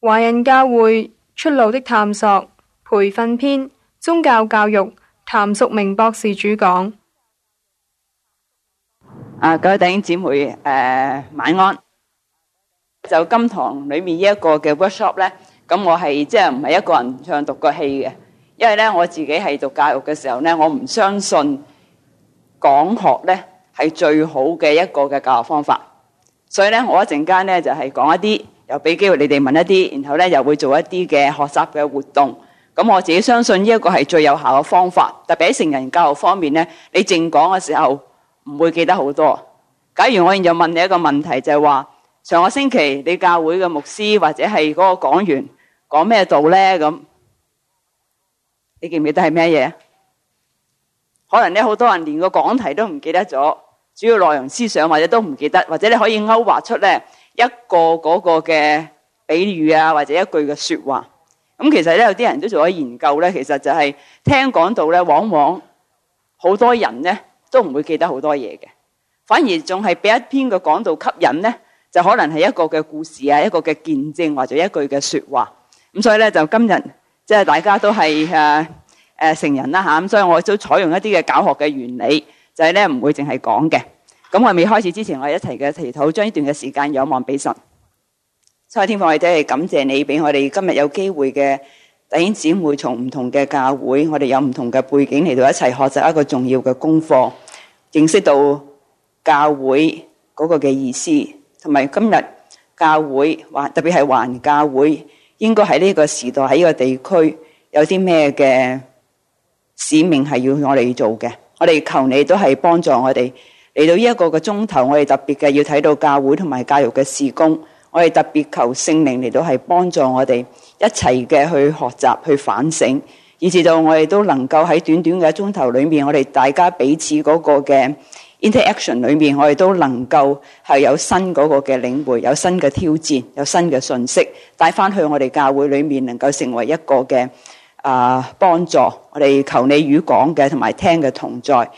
華人教會出路的探索，培訓篇，宗教教育，譚淑明博士主講。啊，各位弟兄姊妹，誒、呃，晚安。就今堂裏面一個嘅 workshop 咧，咁我係即係唔係一個人唱獨個戲嘅，因為咧我自己係讀教育嘅時候咧，我唔相信講學咧係最好嘅一個嘅教學方法，所以咧我一陣間咧就係講一啲。又俾機會你哋問一啲，然後呢又會做一啲嘅學習嘅活動。咁我自己相信呢一個係最有效嘅方法，特別喺成人教育方面呢，你淨講嘅時候唔會記得好多。假如我現又問你一個問題，就係話「上個星期你教會嘅牧師或者係嗰個講員講咩道呢？」咁你記唔記得係咩嘢？可能呢，好多人連個講題都唔記得咗，主要內容思想或者都唔記得，或者你可以勾畫出呢，一個嗰個嘅比喻啊，或者一句嘅說話，咁其實咧有啲人都做咗研究咧，其實就係聽講到咧，往往好多人咧都唔會記得好多嘢嘅，反而仲係俾一篇嘅講道吸引咧，就可能係一個嘅故事啊，一個嘅見證或者一句嘅說話，咁所以咧就今日即係大家都係誒誒成人啦吓，咁所以我都採用一啲嘅教學嘅原理，就係咧唔會淨係講嘅。咁我未開始之前，我哋一齊嘅祈禱，將呢段嘅時間仰望俾神。慈愛天父，或者係感謝你俾我哋今日有機會嘅弟兄姊妹，從唔同嘅教會，我哋有唔同嘅背景嚟到一齊學習一個重要嘅功課，認識到教會嗰個嘅意思，同埋今日教會，或特別係華人教會，應該喺呢個時代喺呢個地區有啲咩嘅使命係要我哋做嘅。我哋求你都係幫助我哋。嚟到呢一個個鐘頭，我哋特別嘅要睇到教會同埋教育嘅事工，我哋特別求聖靈嚟到係幫助我哋一齊嘅去學習、去反省，以至到我哋都能夠喺短短嘅鐘頭裏面，我哋大家彼此嗰個嘅 interaction 裏面，我哋都能夠係有新嗰個嘅領會，有新嘅挑戰，有新嘅信息帶翻去我哋教會裏面，能夠成為一個嘅啊幫助。我哋求你與講嘅同埋聽嘅同在。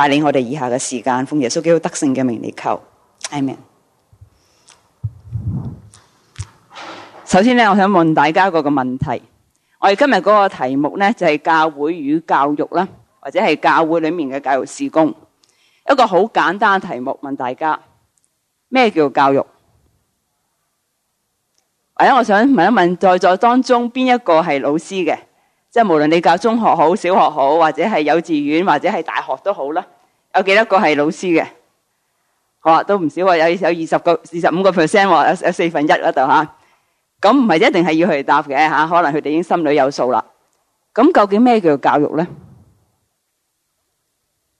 帶領我哋以下嘅時間，奉耶穌基督得勝嘅名嚟求，阿門。首先咧，我想問大家一個問題。我哋今日嗰個題目呢，就係教會與教育啦，或者係教會裏面嘅教育事工。一個好簡單嘅題目，問大家咩叫教育？或者我想問一問在座當中邊一個係老師嘅？即係無論你教中學好，小學好，或者係幼稚園，或者係大學都好啦。有幾多個係老師嘅？好喇，都唔少喎！有有二十個、二十五個 percent，有有四分一嗰度吓。咁唔係一定係要去答嘅吓，可能佢哋已經心裏有數啦。咁究竟咩叫教育咧？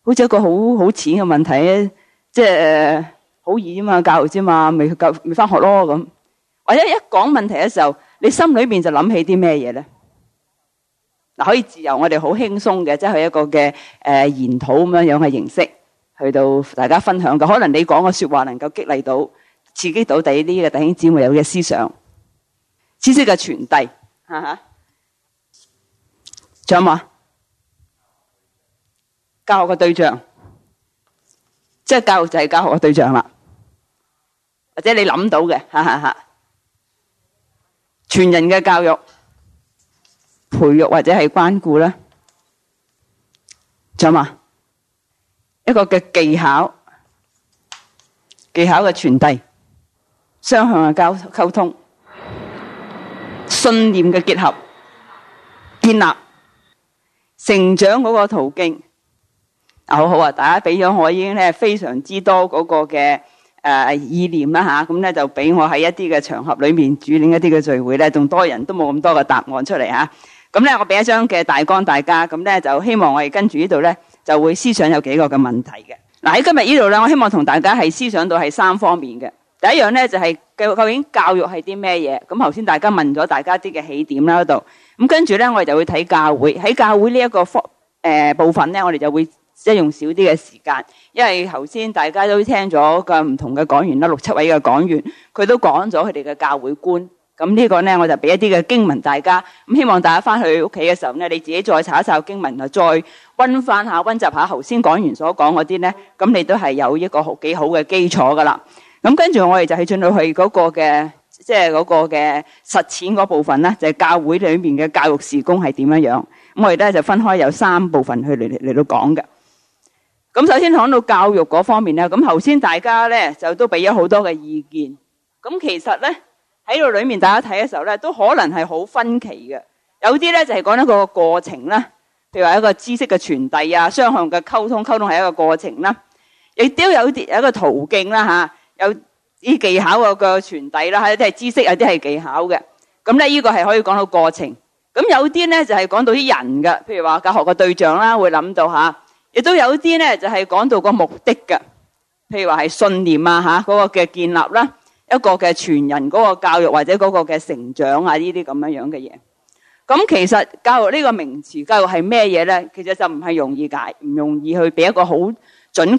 好似一個好好淺嘅問題，即係好易啊嘛，教育啫嘛，未去教，未翻學咯咁。或者一講問題嘅時候，你心裏面就諗起啲咩嘢咧？可以自由，我哋好輕鬆嘅，即係一個嘅誒、呃、研討咁樣樣嘅形式，去到大家分享嘅。可能你講嘅說話能夠激勵到、刺激到第啲嘅弟兄姊妹有嘅思想、知識嘅傳遞，吓吓。仲有冇啊？教學嘅對象，即係教，教育就係教學嘅對象啦。或者你諗到嘅，哈哈哈。全人嘅教育。培育或者係關顧啦，做嘛一個嘅技巧，技巧嘅傳遞，雙向嘅交溝通，信念嘅結合，建立成長嗰個途徑。啊，好好啊！大家俾咗我已經咧非常之多嗰個嘅誒意念啦吓，咁咧就俾我喺一啲嘅場合裏面主領一啲嘅聚會咧，仲多人都冇咁多嘅答案出嚟吓。咁咧，我俾一張嘅大綱大家，咁咧就希望我哋跟住呢度咧，就會思想有幾個嘅問題嘅。嗱、啊、喺今日呢度咧，我希望同大家係思想到係三方面嘅。第一樣咧就係、是、究竟教育係啲咩嘢？咁頭先大家問咗大家啲嘅起點啦，度咁跟住咧我哋就會睇教會喺教會呢一個科部分咧，我哋就會即係用少啲嘅時間，因為頭先大家都聽咗個唔同嘅講員啦，六七位嘅講員，佢都講咗佢哋嘅教會觀。咁呢個咧，我就俾一啲嘅經文大家，咁希望大家翻去屋企嘅時候咧，你自己再查一查經文啊，再溫翻下、溫習下頭先講完所講嗰啲咧，咁你都係有一個好幾好嘅基礎噶啦。咁跟住我哋就係進入去嗰個嘅，即係嗰個嘅實踐嗰部分啦，就係教會裏面嘅教育事工係點樣樣。咁我哋咧就分開有三部分去嚟嚟到講嘅。咁首先講到教育嗰方面咧，咁頭先大家咧就都俾咗好多嘅意見。咁其實咧。喺度裏面，大家睇嘅時候咧，都可能係好分歧嘅。有啲咧就係講一個過程啦，譬如話一個知識嘅傳遞啊，雙向嘅溝通，溝通係一個過程啦，亦都有啲有一個途徑啦吓，有啲技巧個個傳遞啦，吓有啲係知識，有啲係技巧嘅。咁咧呢個係可以講到過程。咁有啲咧就係講到啲人嘅，譬如話教學嘅對象啦，會諗到吓，亦都有啲咧就係講到個目的嘅，譬如話係信念啊吓，嗰個嘅建立啦。一個嘅全人嗰個教育或者嗰個嘅成長啊，呢啲咁樣樣嘅嘢咁，其實教育呢個名詞，教育係咩嘢呢？其實就唔係容易解，唔容易去俾一個好準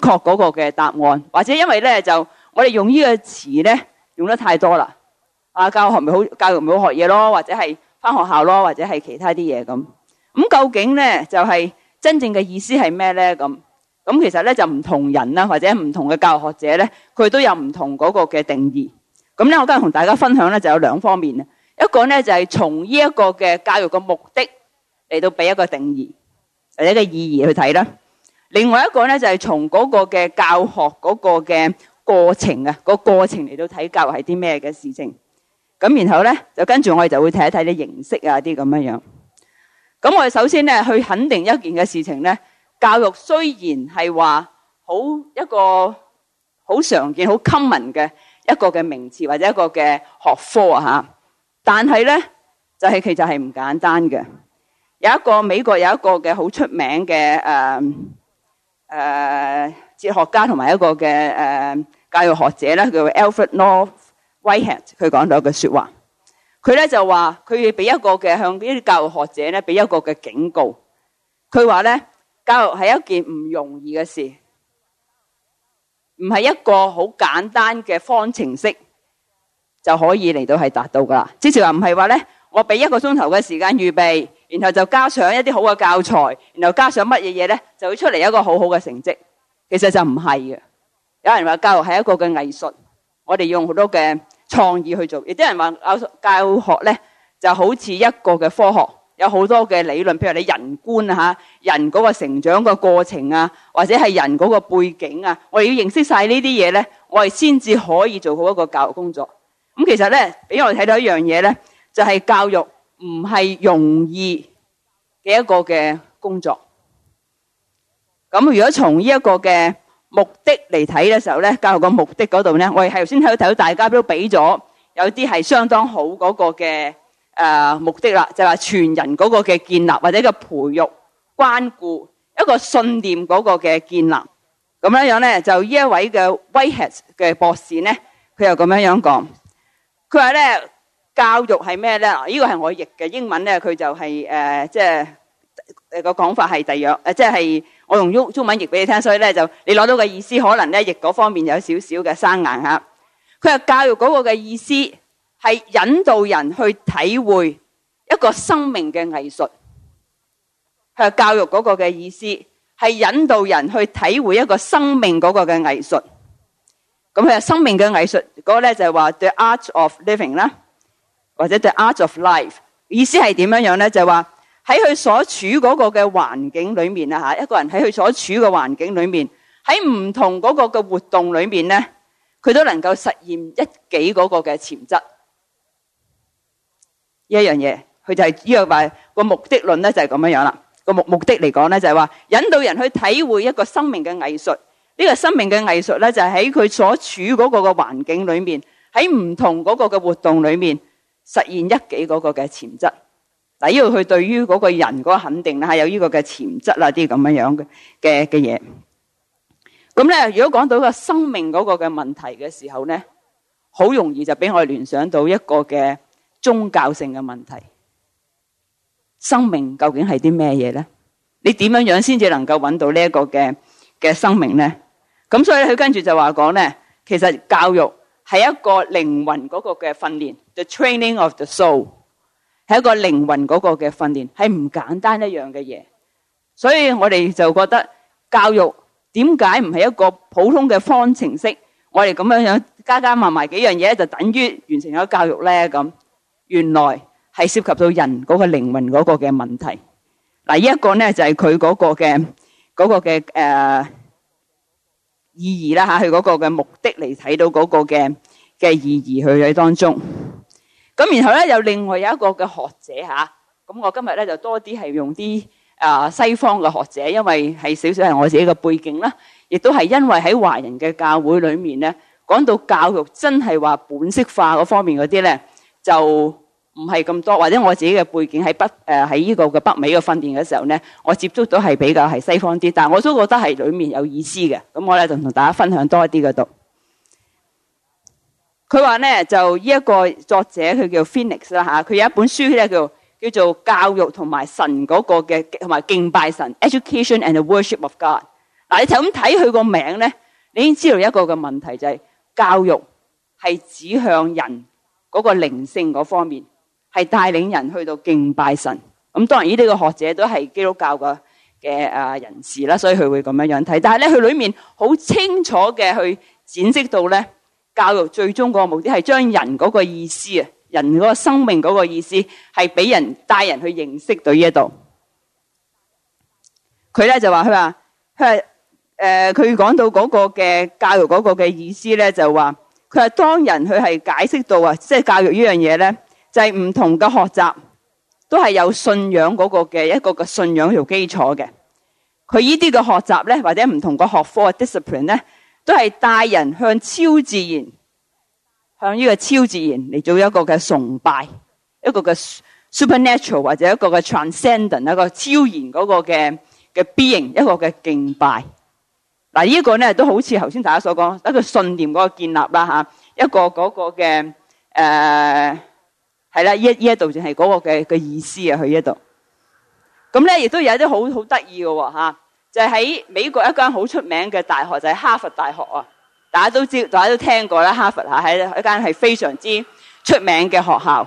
確嗰個嘅答案，或者因為呢，就我哋用呢個詞呢，用得太多啦啊，教學咪好教育唔好學嘢咯，或者係返學校咯，或者係其他啲嘢咁咁。究竟呢，就係真正嘅意思係咩呢？咁咁其實呢，就唔同人啦，或者唔同嘅教育學者呢，佢都有唔同嗰個嘅定義。咁咧，我今日同大家分享咧就有兩方面啊。一個咧就係從呢一個嘅教育嘅目的嚟到俾一個定義或者個意義去睇啦。另外一個咧就係從嗰個嘅教學嗰個嘅過程啊，個過程嚟到睇教育係啲咩嘅事情。咁然後咧就跟住我哋就會睇一睇啲形式啊啲咁樣樣。咁我哋首先咧去肯定一件嘅事情咧，教育雖然係話好一個好常見、好 common 嘅。一個嘅名詞或者一個嘅學科啊吓，但係咧就係其實係唔簡單嘅。有一個美國有一個嘅好出名嘅誒誒哲學家同埋一個嘅誒教育學者咧，叫做 Alfred North Whitehead，佢講咗一句說話，佢咧就話佢要俾一個嘅向呢啲教育學者咧俾一個嘅警告。佢話咧，教育係一件唔容易嘅事。唔係一個好簡單嘅方程式就可以嚟到係達到㗎喇。之前話唔係話呢，我俾一個鐘頭嘅時間預備，然後就加上一啲好嘅教材，然後加上乜嘢嘢呢，就會出嚟一個好好嘅成績。其實就唔係嘅。有人話教育係一個嘅藝術，我哋用好多嘅創意去做，有啲人話教教學呢，就好似一個嘅科學。有好多嘅理論，譬如你人觀啊，吓，人嗰個成長個過程啊，或者係人嗰個背景啊，我哋要認識晒呢啲嘢咧，我哋先至可以做好一個教育工作。咁其實咧，俾我哋睇到一樣嘢咧，就係教育唔係容易嘅一個嘅工作。咁如果從呢一個嘅目的嚟睇嘅時候咧，教育個目的嗰度咧，我哋係頭先喺度睇到大家都俾咗有啲係相當好嗰個嘅。誒，目的啦，就話、是、全人嗰個嘅建立或者個培育、關顧一個信念嗰個嘅建立，咁樣樣咧就呢一位嘅威克嘅博士咧，佢又咁樣樣講，佢話咧教育係咩咧？呢、這個係我譯嘅英文咧、就是，佢就係誒，即係誒個講法係第二樣誒即係、呃、我用中文譯俾你聽，所以咧就你攞到嘅意思可能咧譯嗰方面有少少嘅生硬吓。佢話教育嗰個嘅意思。係引導人去體會一個生命嘅藝術，係教育嗰個嘅意思。係引導人去體會一個生命嗰個嘅藝術。咁佢係生命嘅藝術嗰咧、那個、就係話 the art of living 啦，或者 the art of life。意思係點樣樣咧？就係話喺佢所處嗰個嘅環境裏面啊，吓一個人喺佢所處嘅環境裏面，喺唔同嗰個嘅活動裏面咧，佢都能夠實現一己嗰個嘅潛質。一樣嘢，佢就係呢個話，個目的論咧，就係咁樣樣啦。個目目的嚟講咧，就係話引導人去體會一個生命嘅藝術。呢個生命嘅藝術咧，就係喺佢所處嗰個嘅環境裏面，喺唔同嗰個嘅活動裏面，實現一己嗰個嘅潛質。嗱，呢個佢對於嗰個人嗰個肯定啦，係有呢個嘅潛質啊啲咁樣樣嘅嘅嘅嘢。咁咧，如果講到個生命嗰個嘅問題嘅時候咧，好容易就俾我聯想到一個嘅。宗教性嘅問題，生命究竟係啲咩嘢咧？你點樣樣先至能夠揾到呢一個嘅嘅生命咧？咁所以佢跟住就話講咧，其實教育係一個靈魂嗰個嘅訓練，the training of the soul 係一個靈魂嗰個嘅訓練，係唔簡單一樣嘅嘢。所以我哋就覺得教育點解唔係一個普通嘅方程式？我哋咁樣樣加加埋埋幾樣嘢就等於完成咗教育咧？咁。原來係涉及到人嗰個靈魂嗰個嘅問題。嗱，依一個咧就係佢嗰個嘅嗰個嘅誒意義啦嚇，佢嗰個嘅目的嚟睇到嗰個嘅嘅意義去喺當中。咁然後咧有另外有一個嘅學者嚇，咁我今日咧就多啲係用啲誒西方嘅學者，因為係少少係我自己嘅背景啦，亦都係因為喺華人嘅教會裏面咧，講到教育真係話本色化嗰方面嗰啲咧就，唔係咁多，或者我自己嘅背景喺北誒喺呢個嘅北美嘅訓練嘅時候咧，我接觸到係比較係西方啲，但係我都覺得係裏面有意思嘅。咁我咧就同大家分享多啲嗰度。佢話咧就呢一個作者佢叫 Phoenix 啦吓，佢有一本書咧叫叫做教育同埋神嗰個嘅同埋敬拜神《Education and the Worship of God》。嗱，你睇咁睇佢個名咧，你已經知道一個嘅問題就係教育係指向人嗰個靈性嗰方面。係帶領人去到敬拜神。咁當然呢啲個學者都係基督教個嘅啊人士啦，所以佢會咁樣樣睇。但係咧，佢裏面好清楚嘅去展示到咧，教育最終個目的係將人嗰個意思啊，人嗰個生命嗰個意思係俾人帶人去認識到呢一度。佢咧就話佢話佢係誒，佢講到嗰個嘅教育嗰個嘅意思咧，就話佢係當人佢係解釋到啊，即係教育呢樣嘢咧。就係、是、唔同嘅學習，都係有信仰嗰個嘅一個嘅信仰做基礎嘅。佢呢啲嘅學習咧，或者唔同嘅學科、嘅 discipline 咧，都係帶人向超自然，向呢個超自然嚟做一個嘅崇拜，一個嘅 supernatural 或者一個嘅 transcendent 一個超然嗰個嘅嘅 being，一個嘅敬拜。嗱，依個咧都好似頭先大家所講，一個信念嗰個建立啦嚇，一個嗰個嘅誒。呃係啦，依一依一度就係嗰個嘅嘅意思啊！去依度，咁咧亦都有一啲好好得意嘅喎嚇，就就係、喺美國一間好出名嘅大學就係、係、哈佛大學啊！大家都知，大家都聽過啦，哈佛啊，喺一間係非常之出名嘅學校。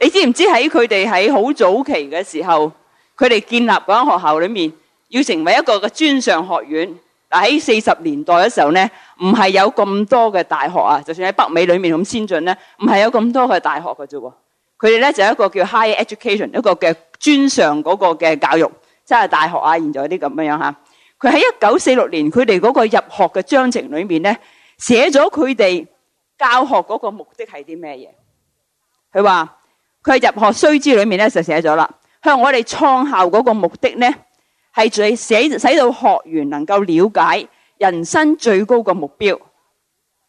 你知唔知喺佢哋喺好早期嘅時候，佢哋建立嗰間學校裏面，要成為一個嘅專上學院？喺四十年代嘅時候咧，唔係有咁多嘅大學啊！就算喺北美裏面咁先進咧，唔係有咁多嘅大學嘅啫。佢哋咧就一個叫 high education，一個嘅專上嗰個嘅教育，即係大學啊，現在啲咁樣樣吓。佢喺一九四六年，佢哋嗰個入學嘅章程裏面咧，寫咗佢哋教學嗰個目的係啲咩嘢？佢話佢入學須知裏面咧就寫咗啦，向我哋創校嗰個目的咧。係最使使到學員能夠了解人生最高嘅目標，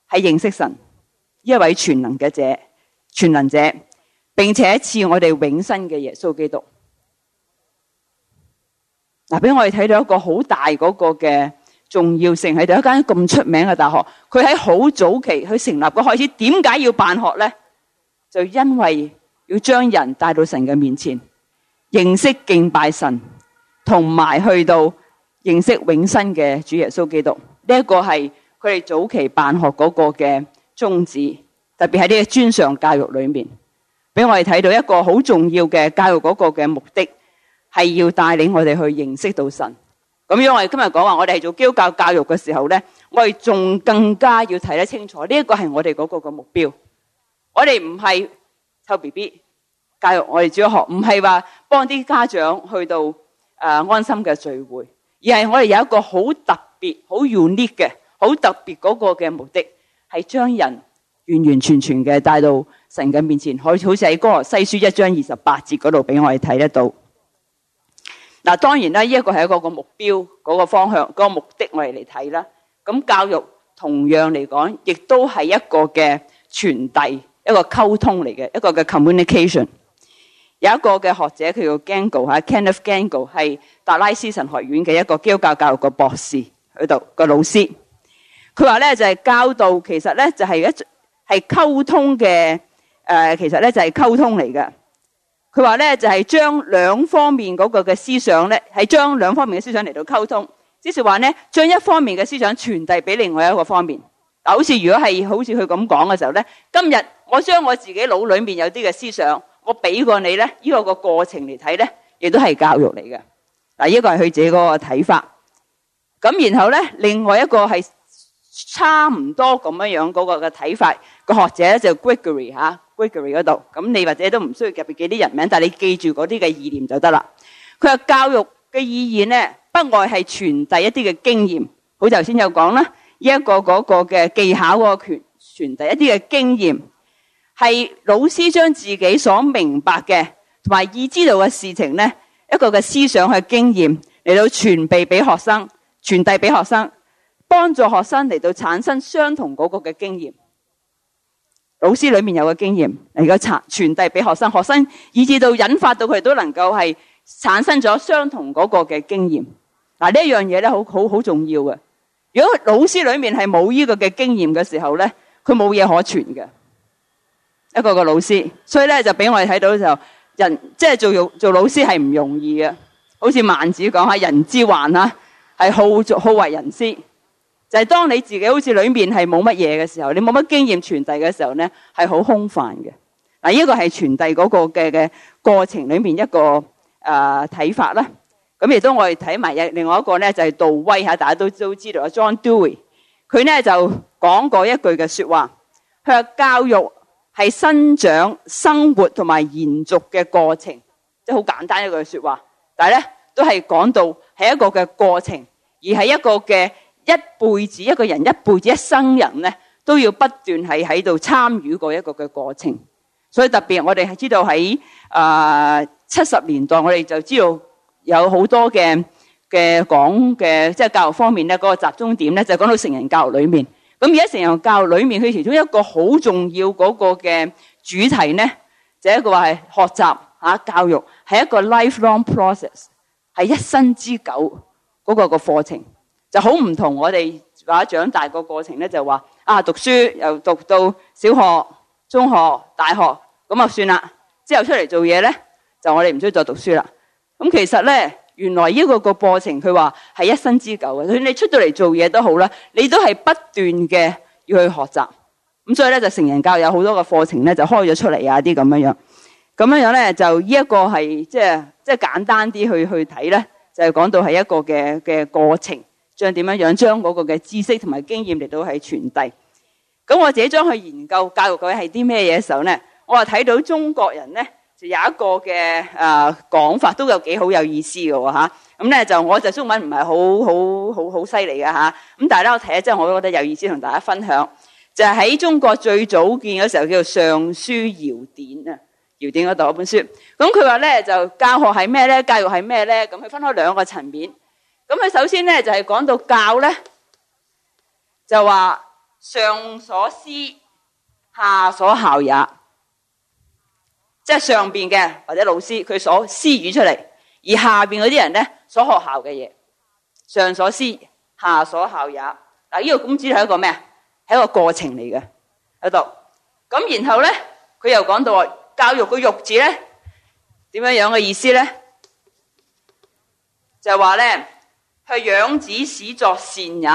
係認識神，一位全能嘅者，全能者，並且賜我哋永生嘅耶穌基督。嗱，俾我哋睇到一個好大嗰個嘅重要性，喺度一間咁出名嘅大學，佢喺好早期佢成立嘅開始，點解要辦學咧？就因為要將人帶到神嘅面前，認識敬拜神。同埋去到認識永生嘅主耶穌基督，呢一個係佢哋早期辦學嗰個嘅宗旨，特別喺呢個專上教育裏面，俾我哋睇到一個好重要嘅教育嗰個嘅目的，係要帶領我哋去認識到神。咁樣我哋今日講話我哋係做基督教教育嘅時候咧，我哋仲更加要睇得清楚，呢一個係我哋嗰個嘅目標。我哋唔係臭 BB 教育我哋主要學，唔係話幫啲家長去到。誒、啊、安心嘅聚會，而係我哋有一個好特別、好 unique 嘅、好特別嗰個嘅目的，係將人完完全全嘅帶到神嘅面前，好似好似喺《歌羅西書》一章二十八節嗰度俾我哋睇得到。嗱、啊，當然啦，呢、這個、一個係一個個目標、嗰、那個方向、嗰、那個目的，我哋嚟睇啦。咁教育同樣嚟講，亦都係一個嘅傳遞、一個溝通嚟嘅，一個嘅 communication。有一個嘅學者，佢叫 Gangel 嚇，Kenneth Gangel 係達拉斯神學院嘅一個基督教教育嘅博士，喺度個老師。佢話咧就係教導，其實咧就係、是、一係溝通嘅。誒、呃，其實咧就係、是、溝通嚟嘅。佢話咧就係將兩方面嗰個嘅思想咧，係將兩方面嘅思想嚟到溝通，即是話咧將一方面嘅思想傳遞俾另外一個方面。嗱，好似如果係好似佢咁講嘅時候咧，今日我將我自己腦裏面有啲嘅思想。我俾過你咧，呢個個過程嚟睇咧，亦都係教育嚟嘅。嗱，呢個係佢自己嗰個睇法。咁然後咧，另外一個係差唔多咁樣樣嗰個嘅睇法。個學者就 Gregory 吓，Gregory 嗰度。咁你或者你都唔需要特別記啲人名，但係你記住嗰啲嘅意念就得啦。佢話教育嘅意義咧，不外係傳遞一啲嘅經驗。好頭先有講啦，呢一個嗰個嘅技巧個權傳遞一啲嘅經驗。係老師將自己所明白嘅同埋已知道嘅事情呢，一個嘅思想、嘅經驗嚟到傳遞俾學生，傳遞俾學生，幫助學生嚟到產生相同嗰個嘅經驗。老師裏面有個經驗嚟到傳傳遞俾學生，學生以至到引發到佢都能夠係產生咗相同嗰個嘅經驗。嗱呢一樣嘢呢，好好好重要嘅。如果老師裏面係冇呢個嘅經驗嘅時候呢，佢冇嘢可傳嘅。一個個老師，所以咧就俾我哋睇到就，人即係、就是、做做老師係唔容易嘅。好似孟子講下，人之患啊，係好為人師。就係、是、當你自己好似裏面係冇乜嘢嘅時候，你冇乜經驗傳遞嘅時候咧，係好空泛嘅。嗱，呢個係傳遞嗰個嘅嘅過程裏面一個誒睇、呃、法啦。咁亦都我哋睇埋另外一個咧，就係杜威吓，大家都都知道阿 John Dewey，佢咧就講過一句嘅說話，佢話教育。係生長、生活同埋延續嘅過程，即係好簡單一句說話，但係咧都係講到係一個嘅過程，而係一個嘅一輩子，一個人一輩子一生人咧都要不斷係喺度參與過一個嘅過程。所以特別我哋係知道喺啊七十年代，我哋就知道有好多嘅嘅講嘅即係教育方面咧，嗰個集中點咧就是講到成人教育裏面。咁而家成人教育裏面，佢其中一個好重要嗰個嘅主題呢，就是、一個話係學習吓、啊、教育，係一個 life-long process，係一生之久嗰個個課程，就好唔同我哋話長大個過程呢，就話啊讀書又讀到小學、中學、大學，咁啊算啦，之後出嚟做嘢呢，就我哋唔需要再讀書啦。咁其實呢。原來呢個個過程，佢話係一生之久嘅。佢你出到嚟做嘢都好啦，你都係不斷嘅要去學習。咁所以咧，就成人教育有好多嘅課程咧，就開咗出嚟啊啲咁樣樣。咁樣樣咧，就呢一個係即係即係簡單啲去去睇咧，就係講到係一個嘅嘅過程，將點樣樣將嗰個嘅知識同埋經驗嚟到係傳遞。咁我自己將去研究教育佢係啲咩嘢嘅時候咧，我啊睇到中國人咧。就有一個嘅誒講法，都有幾好有意思嘅喎嚇。咁咧就我就中文唔係好好好好犀利嘅嚇。咁但係咧我睇即係我都覺得有意思同大家分享。就係喺中國最早見嗰時候叫做《尚書》《堯典》啊，《堯典》嗰度嗰本書。咁佢話咧就教學係咩咧？教育係咩咧？咁佢分開兩個層面。咁佢首先咧就係講到教咧，就話上所思，下所效也。即係上邊嘅或者老師佢所施與出嚟，而下邊嗰啲人咧所學校嘅嘢，上所施，下所效也。嗱，呢個孔子係一個咩啊？係一個過程嚟嘅喺度。咁然後咧，佢又講到教育個育字咧，點樣樣嘅意思咧？就係話咧，係養子使作善也。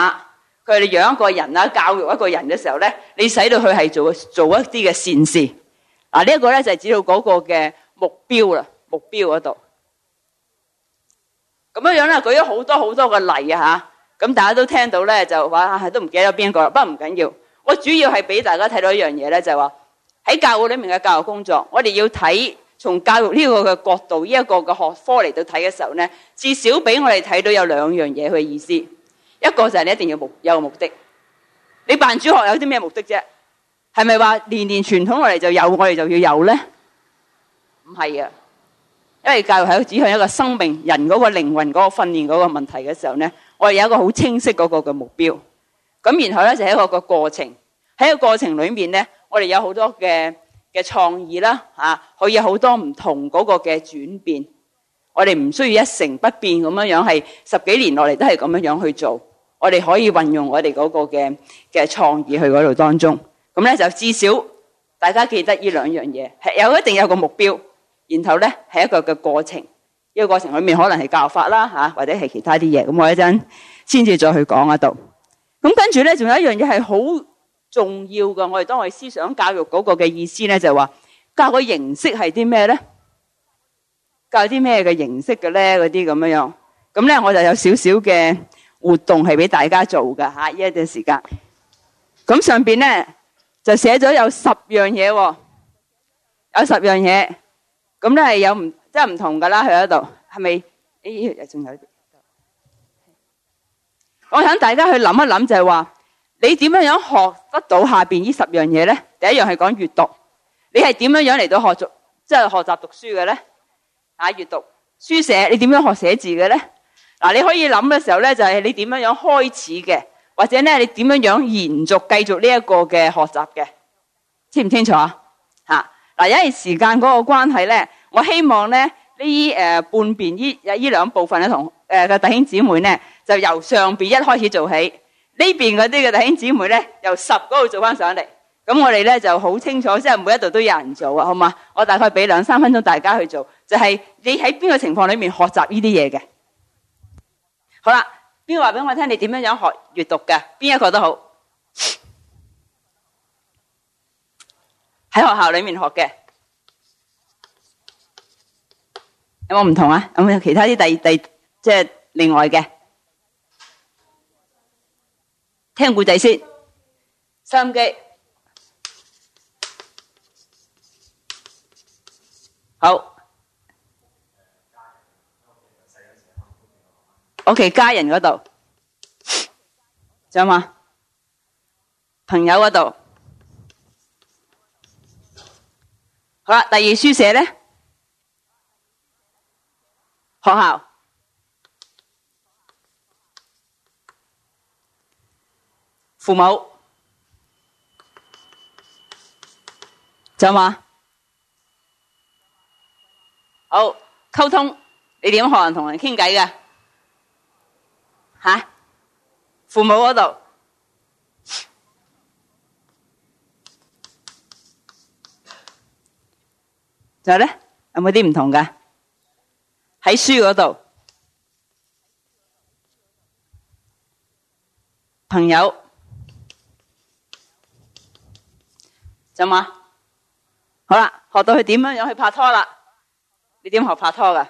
佢哋養一個人啊，教育一個人嘅時候咧，你使到佢係做做一啲嘅善事。嗱，呢一個咧就係指到嗰個嘅目標啦，目標嗰度。咁樣樣咧，舉咗好多好多嘅例啊，吓，咁大家都聽到咧就話都唔記得邊個啦，不過唔緊要。我主要係俾大家睇到一樣嘢咧，就係話喺教會裏面嘅教育工作，我哋要睇從教育呢個嘅角度，呢一個嘅學科嚟到睇嘅時候咧，至少俾我哋睇到有兩樣嘢佢意思。一個就係你一定要目有個目的，你辦主學有啲咩目的啫？係咪話年年傳統我哋就有，我哋就要有呢？唔係啊，因為教育係指向一個生命人嗰個靈魂嗰個訓練嗰個問題嘅時候呢，我哋有一個好清晰嗰個嘅目標。咁然後呢，就係一個個過程，喺個過程裏面呢，我哋有好多嘅嘅創意啦，吓，可以有好多唔同嗰個嘅轉變。我哋唔需要一成不變咁樣樣，係十幾年落嚟都係咁樣樣去做。我哋可以運用我哋嗰個嘅嘅創意去嗰度當中。咁咧就至少大家記得呢兩樣嘢，係有一定有一個目標，然後咧係一個嘅過程。呢個過程裏面可能係教法啦，吓或者係其他啲嘢。咁我一陣先至再去講一度。咁跟住咧仲有一樣嘢係好重要嘅。我哋當我哋思想教育嗰個嘅意思咧就係話教嘅形式係啲咩咧？教啲咩嘅形式嘅咧？嗰啲咁樣樣。咁咧我就有少少嘅活動係俾大家做嘅吓。呢一段時間，咁上邊咧。就寫咗有十樣嘢，哦，有十樣嘢，咁咧係有唔即係唔同噶啦。佢喺度係咪？誒，仲，哎，有啲。我想大家去諗一諗，就係話你點樣樣學得到下邊呢十樣嘢咧？第一樣係講閱讀，你係點樣樣嚟到學習，即，就，係，是，學習讀書嘅咧？啊，閱讀書寫，你點樣學寫字嘅咧？嗱，你可以諗嘅時候咧，就係你點樣樣開始嘅。或者咧，你點樣樣延續繼續呢一個嘅學習嘅，清唔清楚啊？吓、嗯、嗱，因為時間嗰個關係咧，我希望咧呢啲誒半邊呢呢兩部分嘅同誒嘅弟兄姊妹咧，就由上邊一開始做起。呢邊嗰啲嘅弟兄姊妹咧，由十嗰度做翻上嚟。咁我哋咧就好清楚，即係每一度都有人做啊，好嘛？我大概俾兩三分鐘大家去做，就係、是、你喺邊個情況裏面學習呢啲嘢嘅。好啦。邊個話俾我聽？你點樣樣學閱讀嘅？邊一個都好，喺學校裏面學嘅，有冇唔同啊？有冇其他啲第第即係另外嘅？聽故仔先，收音機好。我、okay, 哋家人嗰度，知嘛？朋友嗰度，好啦。第二書寫咧，學校、父母，知嘛？好溝通，你點學人同人傾偈㗎？吓、啊，父母嗰度，仲有呢，有冇啲唔同噶？喺書嗰度，朋友，就嘛？好啦，學到佢點樣樣去拍拖啦？你點學拍拖噶？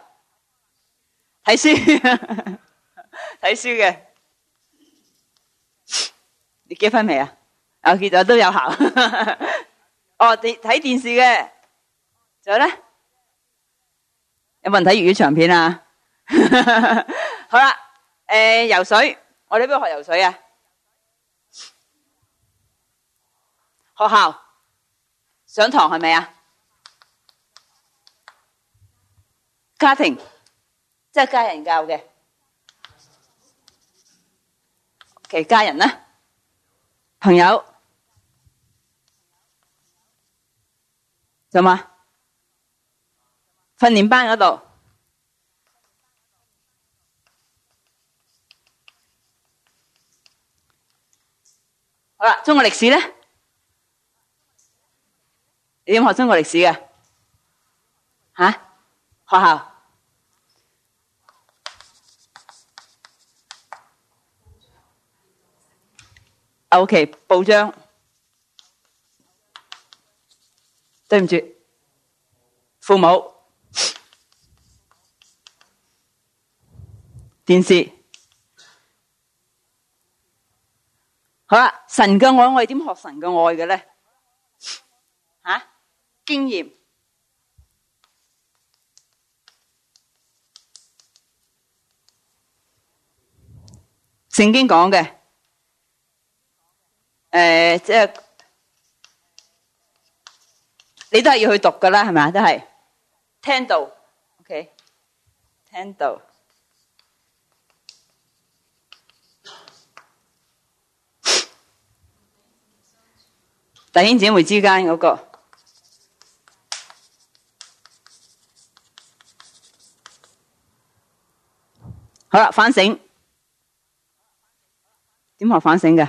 睇書。 睇書嘅，你結婚未啊？啊，結咗都有效。 哦，睇睇電視嘅，仲有咧，有冇人睇粵語長片啊？ 好啦，誒、呃，游水，我哋邊度學游水啊？學校上堂係咪啊？家庭即係、就是、家人教嘅。其家人呢，朋友做乜？訓練班嗰度好啦。中國歷史呢，你點學中國歷史嘅？嚇，學校。O.K. 報章，對唔住，父母，電視，好啦，神嘅愛，我哋點學神嘅愛嘅呢？啊，經驗，聖經講嘅。誒，即係你都係要去讀噶啦，係咪啊？都係聽到，OK，聽到。弟兄姊妹之間嗰個，好啦，反省，點學反省㗎？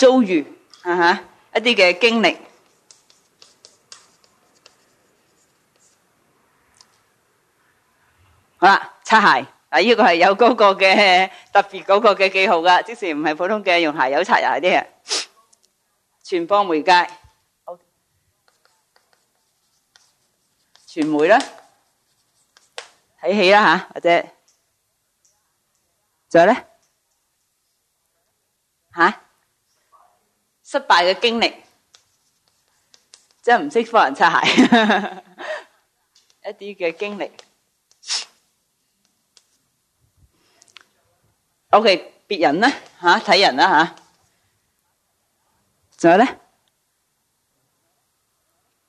遭遇啊吓一啲嘅經歷，好啦，擦鞋啊，呢個係有嗰個嘅特別嗰個嘅記號噶，即使唔係普通嘅用鞋油擦啊啲嘅，傳播媒介，好傳媒啦，睇戲啦吓，或者再咧吓？失敗嘅經歷，即係唔識幫人擦鞋，一啲嘅經歷。OK，別人咧吓睇人啦吓，仲有咧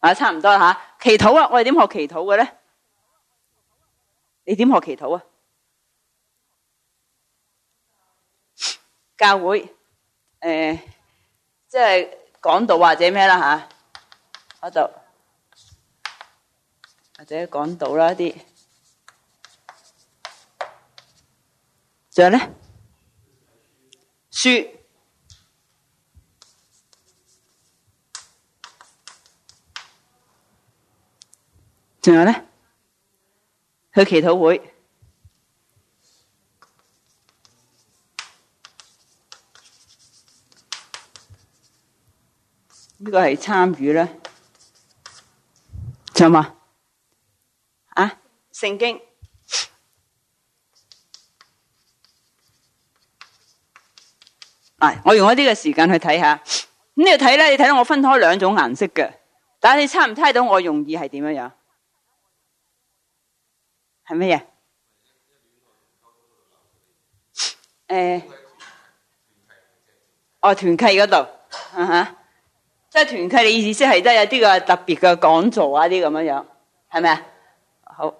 啊，差唔多啦吓。祈禱啊，我哋點學祈禱嘅咧？你點學祈禱啊？教會誒。即係講道或者咩啦吓，我就或者講道啦啲，仲有咧，書，仲有咧，去祈禱會。呢個係參與咧，就嘛啊？聖經，啊、我用一啲嘅時間去睇下，咁你睇咧？你睇到我分開兩種顏色嘅，但係你猜唔猜到我用意係點樣樣？係乜嘢？誒、啊，哦，團契嗰度，吓、啊。即係團契嘅意思，即係即有啲嘅特別嘅講座啊啲咁樣樣，係咪啊？好，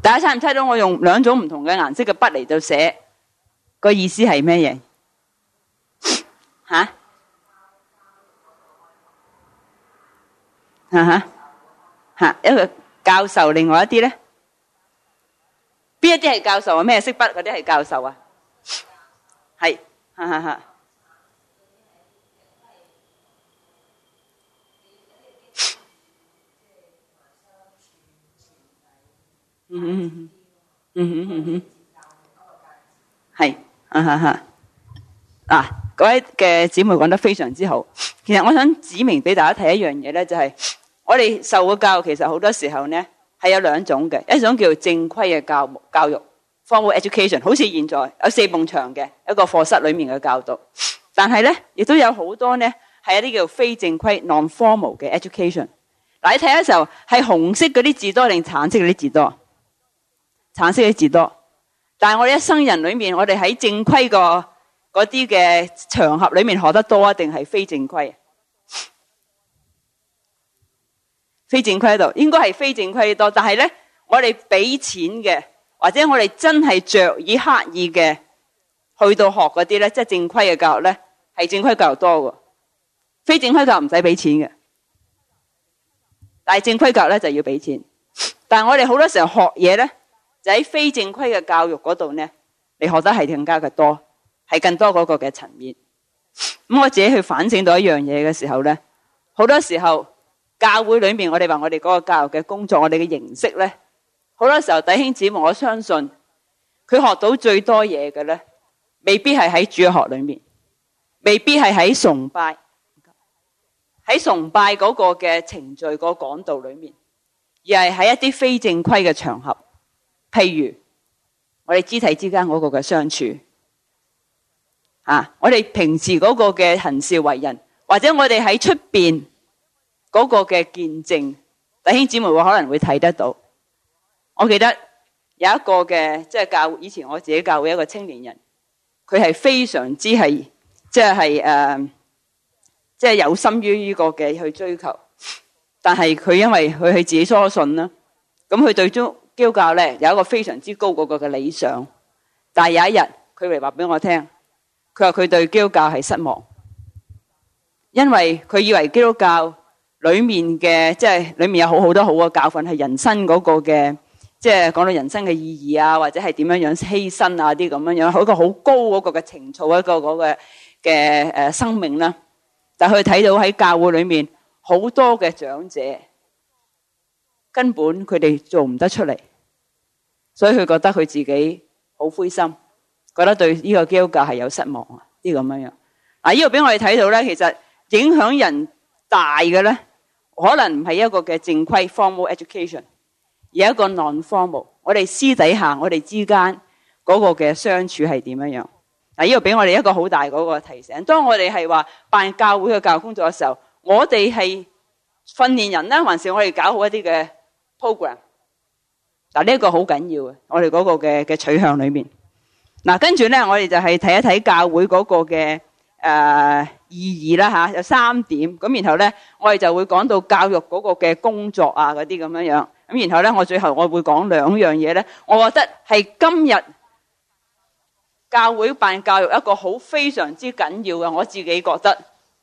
大家猜唔猜到我用兩種唔同嘅顏色嘅筆嚟到寫，個意思係咩嘢？吓、啊？吓、啊？吓、啊？如果教授，另外一啲咧，邊一啲係教授啊？咩識筆嗰啲係教授啊？係，哈哈哈。嗯嗯嗯嗯嗯嗯嗯，係，哈哈哈。嗱，各位嘅姊妹講得非常之好。其實我想指明俾大家睇一樣嘢咧，就係。我哋受嘅教育，其實好多時候呢，係有兩種嘅，一種叫做正規嘅教育，教育，formal education，好似現在有四埲牆嘅一個課室裏面嘅教導；但係呢，亦都有好多呢，係一啲叫非正規 non-formal 嘅 education。嗱，你睇嘅時候係紅色嗰啲字多定橙色嗰啲字多？橙色嗰啲字多。但係我哋一生人裏面，我哋喺正規個嗰啲嘅場合裏面學得多定係非正規？非正規喺度，應該係非正規多。但係咧，我哋俾錢嘅，或者我哋真係着意刻意嘅去到學嗰啲咧，即係正規嘅教育咧，係正規教育多喎。非正規教育唔使俾錢嘅，但係正規教育咧就要俾錢。但係我哋好多時候學嘢咧，就喺非正規嘅教育嗰度咧，你學得係更加嘅多，係更多嗰個嘅層面。咁我自己去反省到一樣嘢嘅時候咧，好多時候。教會裏面，我哋話我哋嗰個教育嘅工作，我哋嘅形式咧，好多時候弟兄姊妹，我相信佢學到最多嘢嘅咧，未必係喺主學裏面，未必係喺崇拜，喺崇拜嗰個嘅程序個講道裏面，而係喺一啲非正規嘅場合，譬如我哋肢體之間嗰個嘅相處，啊，我哋平時嗰個嘅行事為人，或者我哋喺出邊。嗰、那個嘅見證，弟兄姊妹會可能會睇得到。我記得有一個嘅即係教以前我自己教嘅一個青年人，佢係非常之係即係誒，即、就、係、是啊就是、有心於呢個嘅去追求。但係佢因為佢係自己疏信啦，咁佢對中基督教咧有一個非常之高嗰個嘅理想。但係有一日佢嚟話俾我聽，佢話佢對基督教係失望，因為佢以為基督教。裏面嘅即係裏面有好好多好嘅教訓，係人生嗰個嘅，即係講到人生嘅意義啊，或者係點樣樣犧牲啊啲咁樣樣，一個好高嗰個嘅情操，一個嗰個嘅嘅誒生命啦。但係佢睇到喺教會裏面好多嘅長者，根本佢哋做唔得出嚟，所以佢覺得佢自己好灰心，覺得對呢個基督教係有失望啊呢咁樣樣。嗱，呢個俾我哋睇到咧，其實影響人大嘅咧。可能唔係一個嘅正規 formal education，而一個 non-formal。我哋私底下我哋之間嗰個嘅相處係點樣樣？嗱，呢個俾我哋一個好大嗰個提醒。當我哋係話辦教會嘅教育工作嘅時候，我哋係訓練人咧，還是我哋搞好一啲嘅 program？嗱，呢一個好緊要嘅，我哋嗰個嘅嘅取向裏面。嗱，跟住咧，我哋就係睇一睇教會嗰個嘅誒。呃意義啦吓，有三點咁，然後呢，我哋就會講到教育嗰個嘅工作啊，嗰啲咁樣樣咁，然後呢，我最後我會講兩樣嘢呢。我覺得係今日教會辦教育一個好非常之緊要嘅，我自己覺得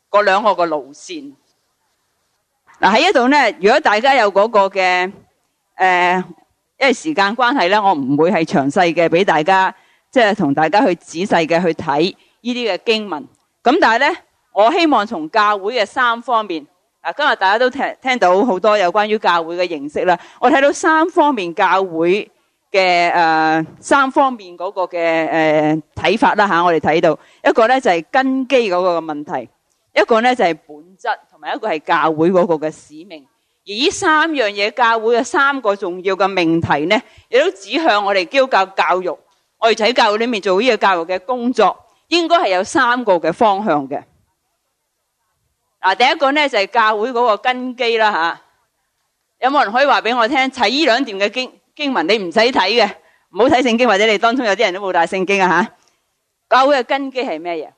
嗰兩個嘅路線。嗱，喺呢度呢，如果大家有嗰個嘅誒、呃，因為時間關係呢，我唔會係詳細嘅俾大家即係同大家去仔細嘅去睇呢啲嘅經文咁，但係呢，我希望從教會嘅三方面啊，今日大家都聽聽到好多有關於教會嘅認識啦。我睇到三方面教會嘅誒三方面嗰個嘅誒睇法啦嚇。我哋睇到一個咧就係根基嗰個問題，一個咧就係本質，同埋一個係教會嗰個嘅使命。而呢三樣嘢，教會嘅三個重要嘅命題咧，亦都指向我哋教教教育。我哋喺教會裡面做呢個教育嘅工作，應該係有三個嘅方向嘅。嗱，第一個咧就係教會嗰個根基啦吓，有冇人可以話俾我聽？睇呢兩段嘅經經文，你唔使睇嘅，唔好睇聖經，或者你當中有啲人都冇帶聖經啊吓。教會嘅根基係咩嘢？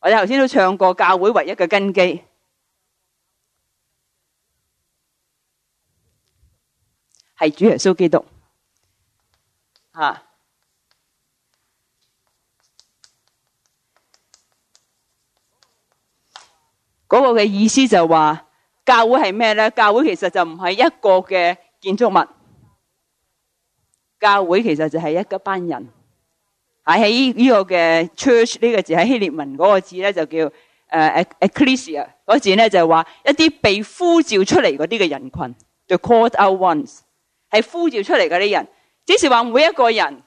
我哋頭先都唱過，教會唯一嘅根基係主耶穌基督，吓。嗰、那個嘅意思就話教會係咩咧？教會其實就唔係一個嘅建築物，教會其實就係一個班人。喺喺呢個嘅 church 呢個字喺希臘文嗰個字咧就叫誒、uh, ecclesia，嗰字咧就係話一啲被呼召出嚟嗰啲嘅人群，the called out ones 係呼召出嚟嗰啲人。即是話每一個人，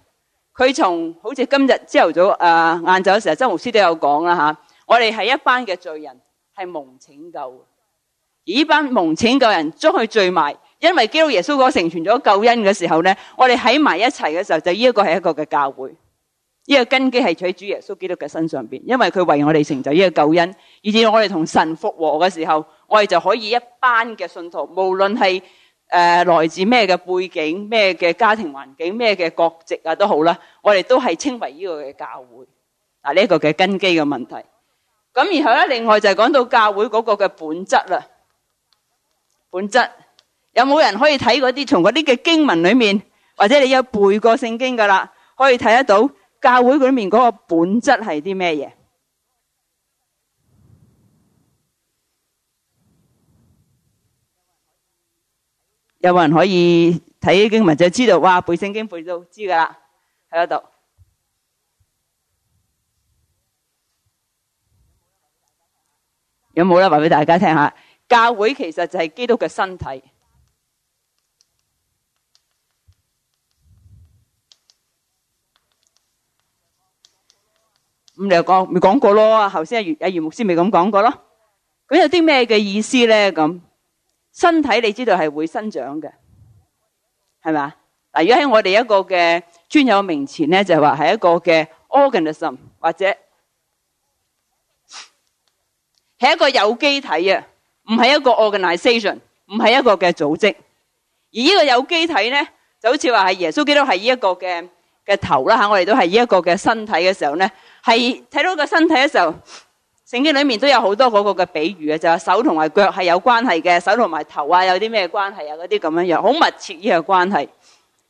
佢從好似今日朝頭早誒晏晝嘅時候，曾牧師都有講啦吓，我哋係一班嘅罪人。係蒙拯救，而呢班蒙拯救人將佢聚埋，因為基督耶穌嗰成全咗救恩嘅時候咧，我哋喺埋一齊嘅時候，就呢一個係一個嘅教會，呢、這個根基係取主耶穌基督嘅身上邊，因為佢為我哋成就呢個救恩，以致我哋同神復和嘅時候，我哋就可以一班嘅信徒，無論係誒來自咩嘅背景，咩嘅家庭環境，咩嘅國籍啊都好啦，我哋都係稱為呢個嘅教會。嗱呢一個嘅根基嘅問題。咁然後咧，另外就係講到教會嗰個嘅本質啦。本質有冇人可以睇嗰啲從嗰啲嘅經文裏面，或者你有背過聖經㗎喇，可以睇得到教會裏面嗰個本質係啲咩嘢？有冇人可以睇經文就知道？哇，背聖經背到知㗎喇喺嗰度。有冇咧？話俾大家聽下，教會其實就係基督嘅身體。咁你又講咪講過咯？頭先阿袁阿袁牧師咪咁講過咯？咁有啲咩嘅意思咧？咁身體你知道係會生長嘅，係咪？嗱，如果喺我哋一個嘅專有名詞咧，就係話係一個嘅 organism 或者。係一個有機體啊，唔係一個 organization，唔係一個嘅組織。而呢個有機體咧，就好似話係耶穌基督係呢一個嘅嘅頭啦吓，我哋都係呢一個嘅身體嘅時候咧，係睇到個身體嘅時候，聖經裏面都有好多嗰個嘅比喻啊，就係、是、手同埋腳係有關係嘅，手同埋頭啊有啲咩關係啊嗰啲咁樣樣，好密切呢個關係。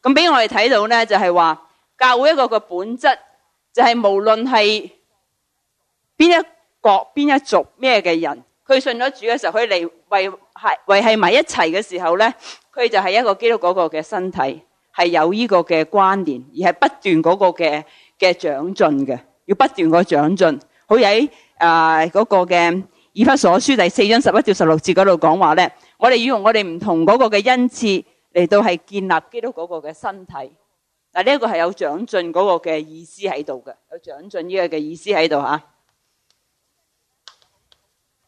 咁俾我哋睇到咧，就係、是、話教會一個嘅本質就係、是、無論係邊一個。各邊一族咩嘅人，佢信咗主嘅時候，佢嚟維係維係埋一齊嘅時候咧，佢就係一個基督嗰個嘅身體，係有呢個嘅關聯，而係不斷嗰個嘅嘅長進嘅，要不斷個長進。好喺嗰個嘅以弗所書第四章十一至十六節嗰度講話咧，我哋要用我哋唔同嗰個嘅恩賜嚟到係建立基督嗰個嘅身體。嗱呢一個係有長進嗰個嘅意思喺度嘅，有長進呢個嘅意思喺度吓。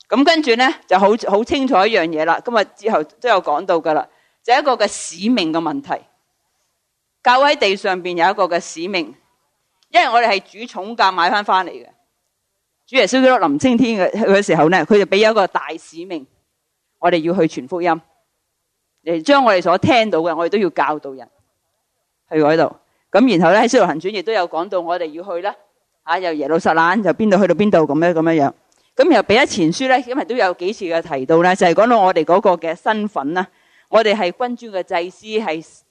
咁跟住咧就好好清楚一樣嘢啦，今日之後都有講到噶啦，就係、一個嘅使命嘅問題。教喺地上面有一個嘅使命，因為我哋係主重價買翻翻嚟嘅。主耶穌林青天嘅嘅時候咧，佢就俾咗一個大使命，我哋要去傳福音，嚟將我哋所聽到嘅，我哋都要教導人去嗰度。咁然後咧喺《使徒行傳》亦都有講到，我哋要去啦，啊由耶路撒冷由邊度去到邊度咁樣咁樣樣。咁又俾咗前書咧，因為都有幾次嘅提到咧，就係、是、講到我哋嗰個嘅身份啦。我哋係君尊嘅祭司，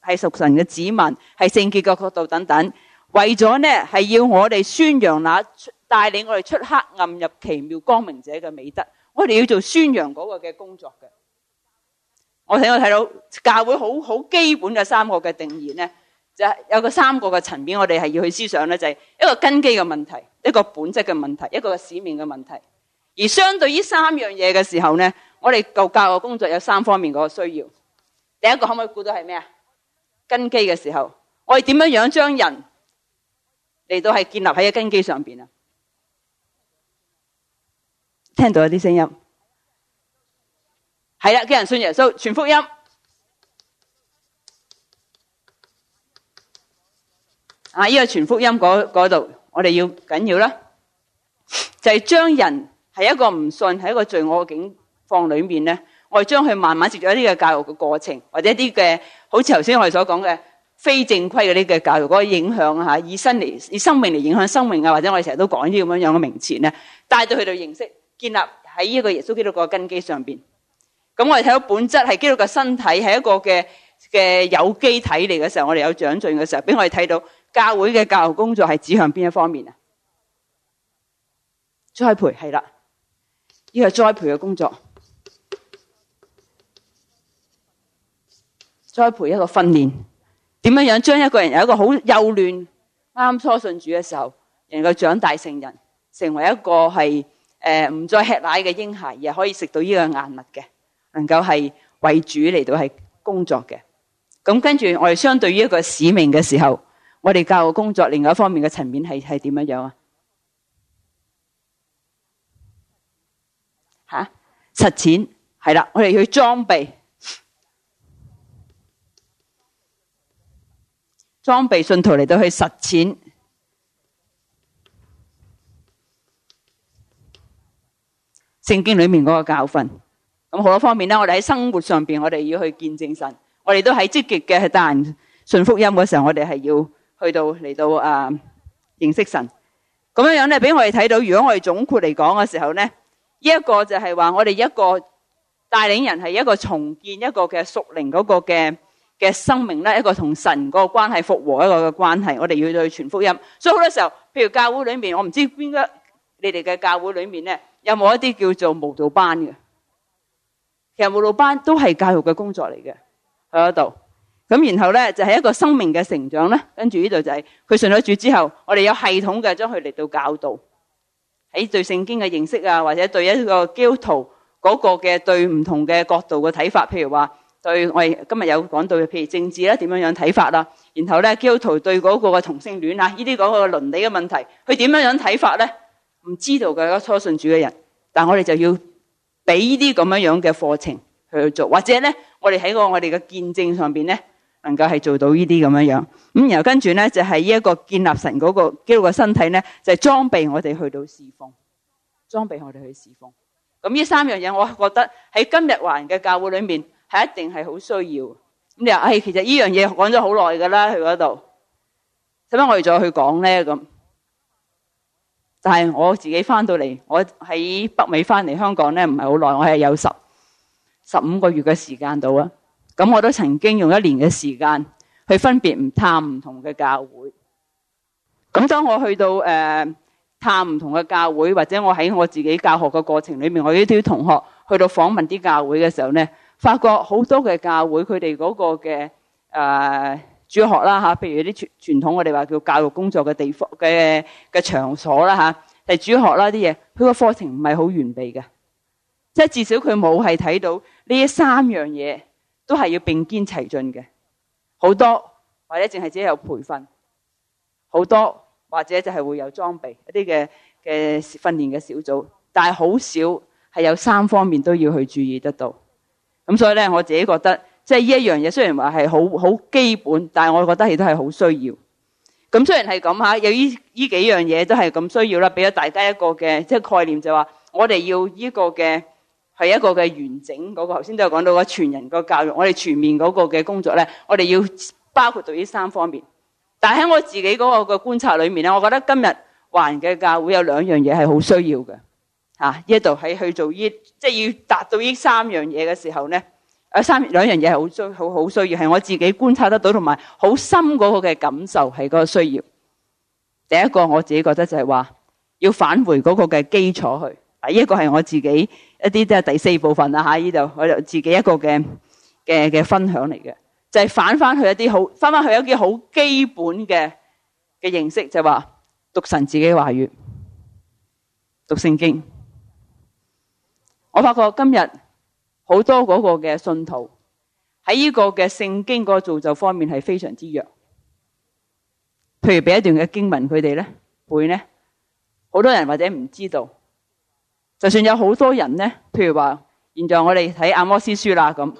係屬神嘅子民，係聖潔嘅角度等等。為咗呢，係要我哋宣揚那帶領我哋出黑暗入奇妙光明者嘅美德。我哋要做宣揚嗰個嘅工作嘅。我睇我睇到，到教會好好基本嘅三個嘅定義呢，就係、是、有個三個嘅層面，我哋係要去思想呢，就係、是、一個根基嘅問題，一個本質嘅問題，一個使命嘅問題。而相對於三樣嘢嘅時候咧，我哋做教嘅工作有三方面嗰個需要。第一個可唔可以估到係咩啊？根基嘅時候，我哋點樣樣將人嚟到係建立喺個根基上邊啊？聽到有啲聲音，係啦，叫人信耶穌，全福音啊！呢個全福音嗰嗰度，我哋要緊要啦，就係將人。係一個唔信，喺一個罪惡嘅境況裏面咧，我哋將佢慢慢接咗呢個教育嘅過程，或者啲嘅，好似頭先我哋所講嘅非正規嘅呢個教育嗰個影響吓，以身嚟，以生命嚟影響生命啊，或者我哋成日都講呢啲咁樣樣嘅名詞咧，帶到佢哋認識、建立喺呢個耶穌基督嘅根基上邊。咁我哋睇到本質係基督嘅身體係一個嘅嘅有機體嚟嘅時候，我哋有長進嘅時候，俾我哋睇到教會嘅教育工作係指向邊一方面啊？栽培係啦。是的呢、這個栽培嘅工作，栽培一個訓練，點樣樣將一個人由一個好幼嫩啱初信主嘅時候，能夠長大成人，成為一個係誒唔再吃奶嘅嬰孩，而可以食到呢個硬物嘅，能夠係為主嚟到係工作嘅。咁跟住我哋相對於一個使命嘅時候，我哋教育工作另外一方面嘅層面係係點樣樣啊？實踐係啦，我哋要去裝備，裝備信徒嚟到去實踐聖經裏面嗰個教訓。咁好多方面咧，我哋喺生活上邊，我哋要去見證神。我哋都喺積極嘅帶人信福音嗰時候，我哋係要去到嚟到啊認識神。咁樣樣咧，俾我哋睇到，如果我哋總括嚟講嘅時候咧。呢一個就係話我哋一個帶領人係一個重建一個嘅屬靈嗰個嘅嘅生命咧，一個同神個關係復和一個嘅關係，我哋要去傳福音。所以好多時候，譬如教會裏面，我唔知邊個你哋嘅教會裏面咧，有冇一啲叫做慕道班嘅？其實慕道班都係教育嘅工作嚟嘅去嗰度。咁然後咧就係一個生命嘅成長咧，跟住呢度就係佢信咗主之後，我哋有系統嘅將佢嚟到教導。喺對聖經嘅認識啊，或者對一個基督徒嗰個嘅對唔同嘅角度嘅睇法，譬如話對我哋今日有講到嘅，譬如政治啦點樣樣睇法啦，然後咧基督徒對嗰個嘅同性戀啊，呢啲嗰個倫理嘅問題，佢點樣樣睇法咧？唔知道嘅初信主嘅人，但我哋就要俾呢啲咁樣樣嘅課程去做，或者咧，我哋喺個我哋嘅見證上面咧。能夠係做到呢啲咁樣樣，咁然後跟住咧就係、是、呢一個建立神嗰、那個基督嘅身體咧，就是、裝備我哋去到侍奉，裝備我哋去侍奉。咁呢三樣嘢，我覺得喺今日華人嘅教會裏面係一定係好需要。咁你話，唉，其實呢樣嘢講咗好耐噶啦，去嗰度，使乜我哋再去講咧？咁，但係我自己翻到嚟，我喺北美翻嚟香港咧，唔係好耐，我係有十十五個月嘅時間度啊。咁我都曾經用一年嘅時間去分別唔探唔同嘅教會。咁當我去到誒、呃、探唔同嘅教會，或者我喺我自己教學嘅過程裏面，我呢啲同學去到訪問啲教會嘅時候咧，發覺好多嘅教會佢哋嗰個嘅誒、呃、主學啦吓，譬如啲傳傳統我哋話叫教育工作嘅地方嘅嘅場所啦吓，係、啊、主學啦啲嘢，佢個課程唔係好完備嘅，即、就、係、是、至少佢冇係睇到呢三樣嘢。都係要並肩齊進嘅，好多或者淨係自己有培訓，好多或者就係會有裝備一啲嘅嘅訓練嘅小組，但係好少係有三方面都要去注意得到。咁所以咧，我自己覺得即係呢一樣嘢，雖然話係好好基本，但係我覺得亦都係好需要。咁雖然係咁嚇，有呢呢幾樣嘢都係咁需要啦，俾咗大家一個嘅即係概念就話，我哋要呢個嘅。係一個嘅完整嗰個，頭先都有講到個全人個教育，我哋全面嗰個嘅工作咧，我哋要包括到呢三方面。但係喺我自己嗰個嘅觀察裏面咧，我覺得今日華人嘅教會有兩樣嘢係好需要嘅，吓，一度喺去做呢，即係要達到呢三樣嘢嘅時候咧，啊三兩樣嘢係好需好好需要，係我自己觀察得到同埋好深嗰個嘅感受係嗰個需要。第一個我自己覺得就係話要返回嗰個嘅基礎去，啊，呢個係我自己。一啲即係第四部分啦吓，喺呢度我就自己一個嘅嘅嘅分享嚟嘅，就係反翻去一啲好，翻翻去一啲好基本嘅嘅認識，就係話讀神自己話語，讀聖經。我發覺今日好多嗰個嘅信徒喺呢個嘅聖經個造就方面係非常之弱。譬如俾一段嘅經文，佢哋咧背咧，好多人或者唔知道。就算有好多人咧，譬如話現在我哋睇阿摩斯書啦咁，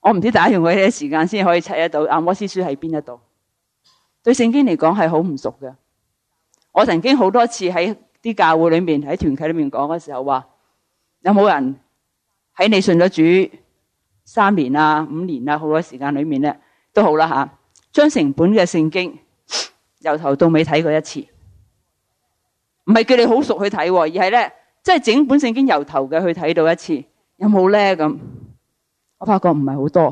我唔知大家用佢啲時間先可以睇得到阿摩斯書喺邊一度。對聖經嚟講係好唔熟嘅。我曾經好多次喺啲教會裏面喺團契裏面講嘅時候話：有冇人喺你信咗主三年啊，五年啊好多時間裏面咧都好啦吓、啊，將成本嘅聖經由頭到尾睇過一次。唔係叫你好熟去睇，而係咧，即係整本聖經由頭嘅去睇到一次，有冇咧？咁我發覺唔係好多。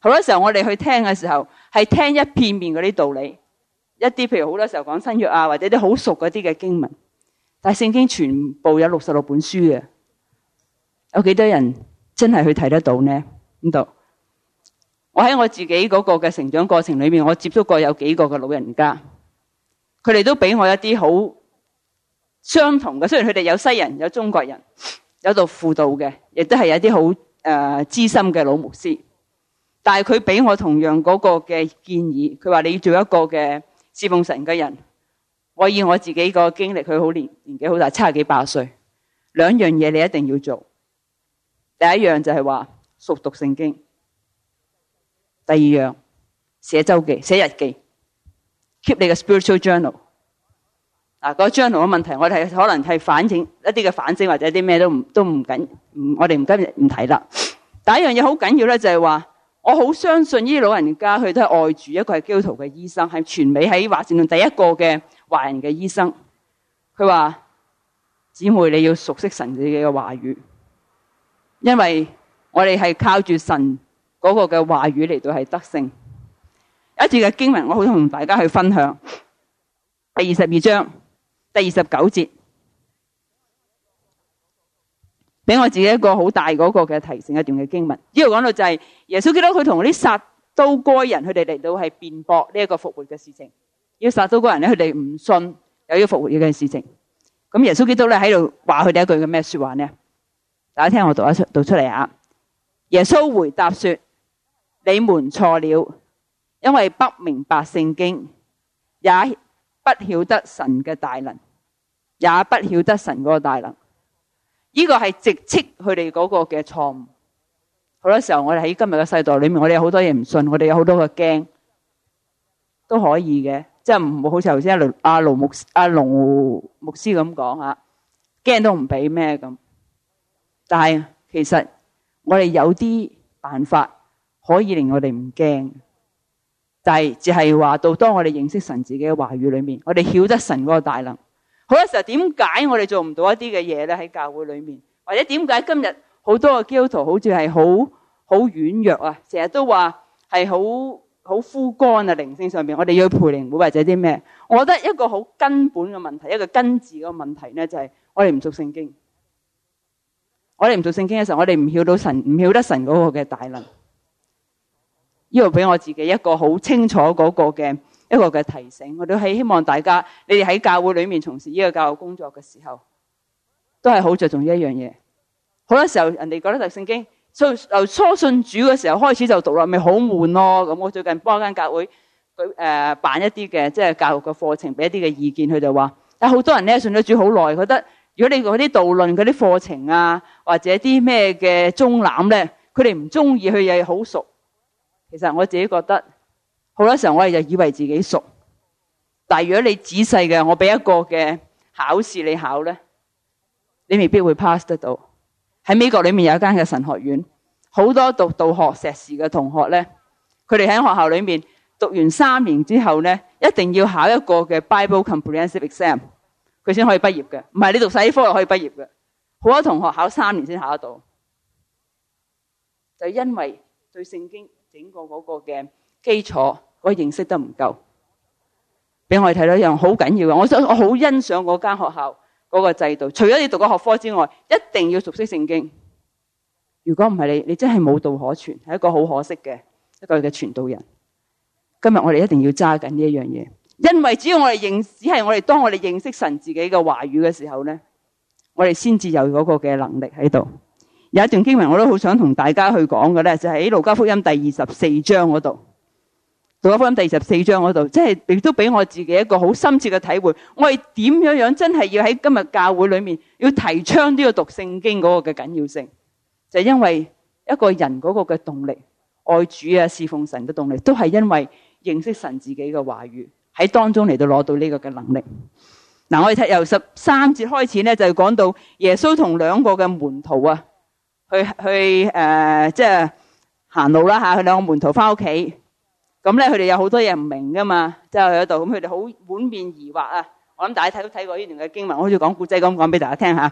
好多時候我哋去聽嘅時候係聽一片面嗰啲道理，一啲譬如好多時候講新約啊，或者啲好熟嗰啲嘅經文，但聖經全部有六十六本書嘅，有幾多人真係去睇得到呢？呢度我喺我自己嗰個嘅成長過程裏面，我接觸過有幾個嘅老人家，佢哋都俾我一啲好。相同嘅，雖然佢哋有西人、有中國人，有度輔導嘅，亦都係有啲好誒資深嘅老牧師。但係佢俾我同樣嗰個嘅建議，佢話你要做一個嘅侍奉神嘅人。我以我自己個經歷，佢好年年紀好大，七十幾八歲。兩樣嘢你一定要做。第一樣就係話熟讀聖經。第二樣寫週記、寫日記，keep 你嘅 spiritual journal。嗱、那，個張同嘅問題，我哋可能係反省一啲嘅反省，或者啲咩都唔都唔緊，唔我哋唔今唔睇啦。第一樣嘢好緊要咧，就係話我好相信呢啲老人家，佢都係愛住一個係基督徒嘅醫生，係全美喺華盛頓第一個嘅華人嘅醫生。佢話姊妹，你要熟悉神自己嘅話語，因為我哋係靠住神嗰個嘅話語嚟到係得勝。一次嘅經文，我好同大家去分享第二十二章。第二十九節，俾我自己一個好大嗰個嘅提醒一段嘅經文。呢度講到就係耶穌基督佢同啲撒都該人，佢哋嚟到係辯駁呢一個復活嘅事情。要撒都該人咧，佢哋唔信，有要復活嘅事情。咁耶穌基督咧喺度話佢哋一句嘅咩說話呢？大家聽我讀一讀，讀出嚟啊！耶穌回答說：你們錯了，因為不明白聖經，也。不曉得神嘅大能，也不曉得神嗰個大能，呢、呢個係直斥佢哋嗰個嘅錯誤。好多時候我哋喺今日嘅世代裏面，我哋有好多嘢唔信，我哋有好多嘅驚都可以嘅，即係唔好似頭先阿牧阿羅牧阿羅牧師咁講吓，驚都唔俾咩咁。但係其實我哋有啲辦法可以令我哋唔驚。但係就係話到，當我哋認識神自己嘅話語裏面，我哋曉得神嗰個大能。好多時候點解我哋做唔到一啲嘅嘢咧？喺教會裏面，或者點解今日好多嘅基督徒好似係好好軟弱啊？成日都話係好好枯乾啊，靈性上邊。我哋要去培靈會或者啲咩？我覺得一個好根本嘅問題，一個根治嘅問題咧，就係我哋唔讀聖經。我哋唔讀聖經嘅時候，我哋唔曉到神，唔曉得神嗰個嘅大能。呢個俾我自己一個好清楚嗰個嘅一個嘅提醒，我都係希望大家你哋喺教會裡面從事呢個教育工作嘅時候，都係好着重一樣嘢。好多時候人哋覺得就聖經，從初信主嘅時候開始就讀啦，咪好悶咯。咁我最近幫間教會佢誒、呃、辦一啲嘅即係教育嘅課程，俾一啲嘅意見，佢就話，但好多人咧信咗主好耐，覺得如果你嗰啲導論嗰啲課程啊，或者啲咩嘅中覽咧，佢哋唔中意，佢又好熟。其實我自己覺得好多時候我哋就以為自己熟，但係如果你仔細嘅，我俾一個嘅考試你考咧，你未必會 pass 得到。喺美國裏面有一間嘅神學院，好多讀道學碩士嘅同學咧，佢哋喺學校裏面讀完三年之後咧，一定要考一個嘅 Bible Comprehensive Exam，佢先可以畢業嘅。唔係你讀晒啲科就可以畢業嘅，好多同學考三年先考得到，就因為對聖經。整個嗰個嘅基礎，嗰個認識得唔夠，俾我哋睇到一樣好緊要嘅。我我好欣賞嗰間學校嗰個制度，除咗你讀個學科之外，一定要熟悉聖經。如果唔係你，你真係冇道可傳，係一個好可惜嘅一個嘅傳道人。今日我哋一定要揸緊呢一樣嘢，因為只要我哋認，只係我哋當我哋認識神自己嘅話語嘅時候咧，我哋先至有嗰個嘅能力喺度。有一段經文，我都好想同大家去講嘅咧，就喺路加福音第二十四章嗰度。路加福音第二十四章嗰度，即係亦都俾我自己一個好深切嘅體會。我哋點樣樣真係要喺今日教會裏面要提倡呢個讀聖經嗰個嘅緊要性，就係因為一個人嗰個嘅動力愛主啊，侍奉神嘅動力，都係因為認識神自己嘅話語喺當中嚟到攞到呢個嘅能力嗱。我哋由十三節開始咧，就講到耶穌同兩個嘅門徒啊。去去誒、呃，即係行路啦吓，佢兩個門徒翻屋企，咁咧佢哋有好多嘢唔明噶嘛，即係去度，咁，佢哋好滿面疑惑啊！我諗大家睇都睇過呢段嘅經文，我好似講古仔咁講俾大家聽吓。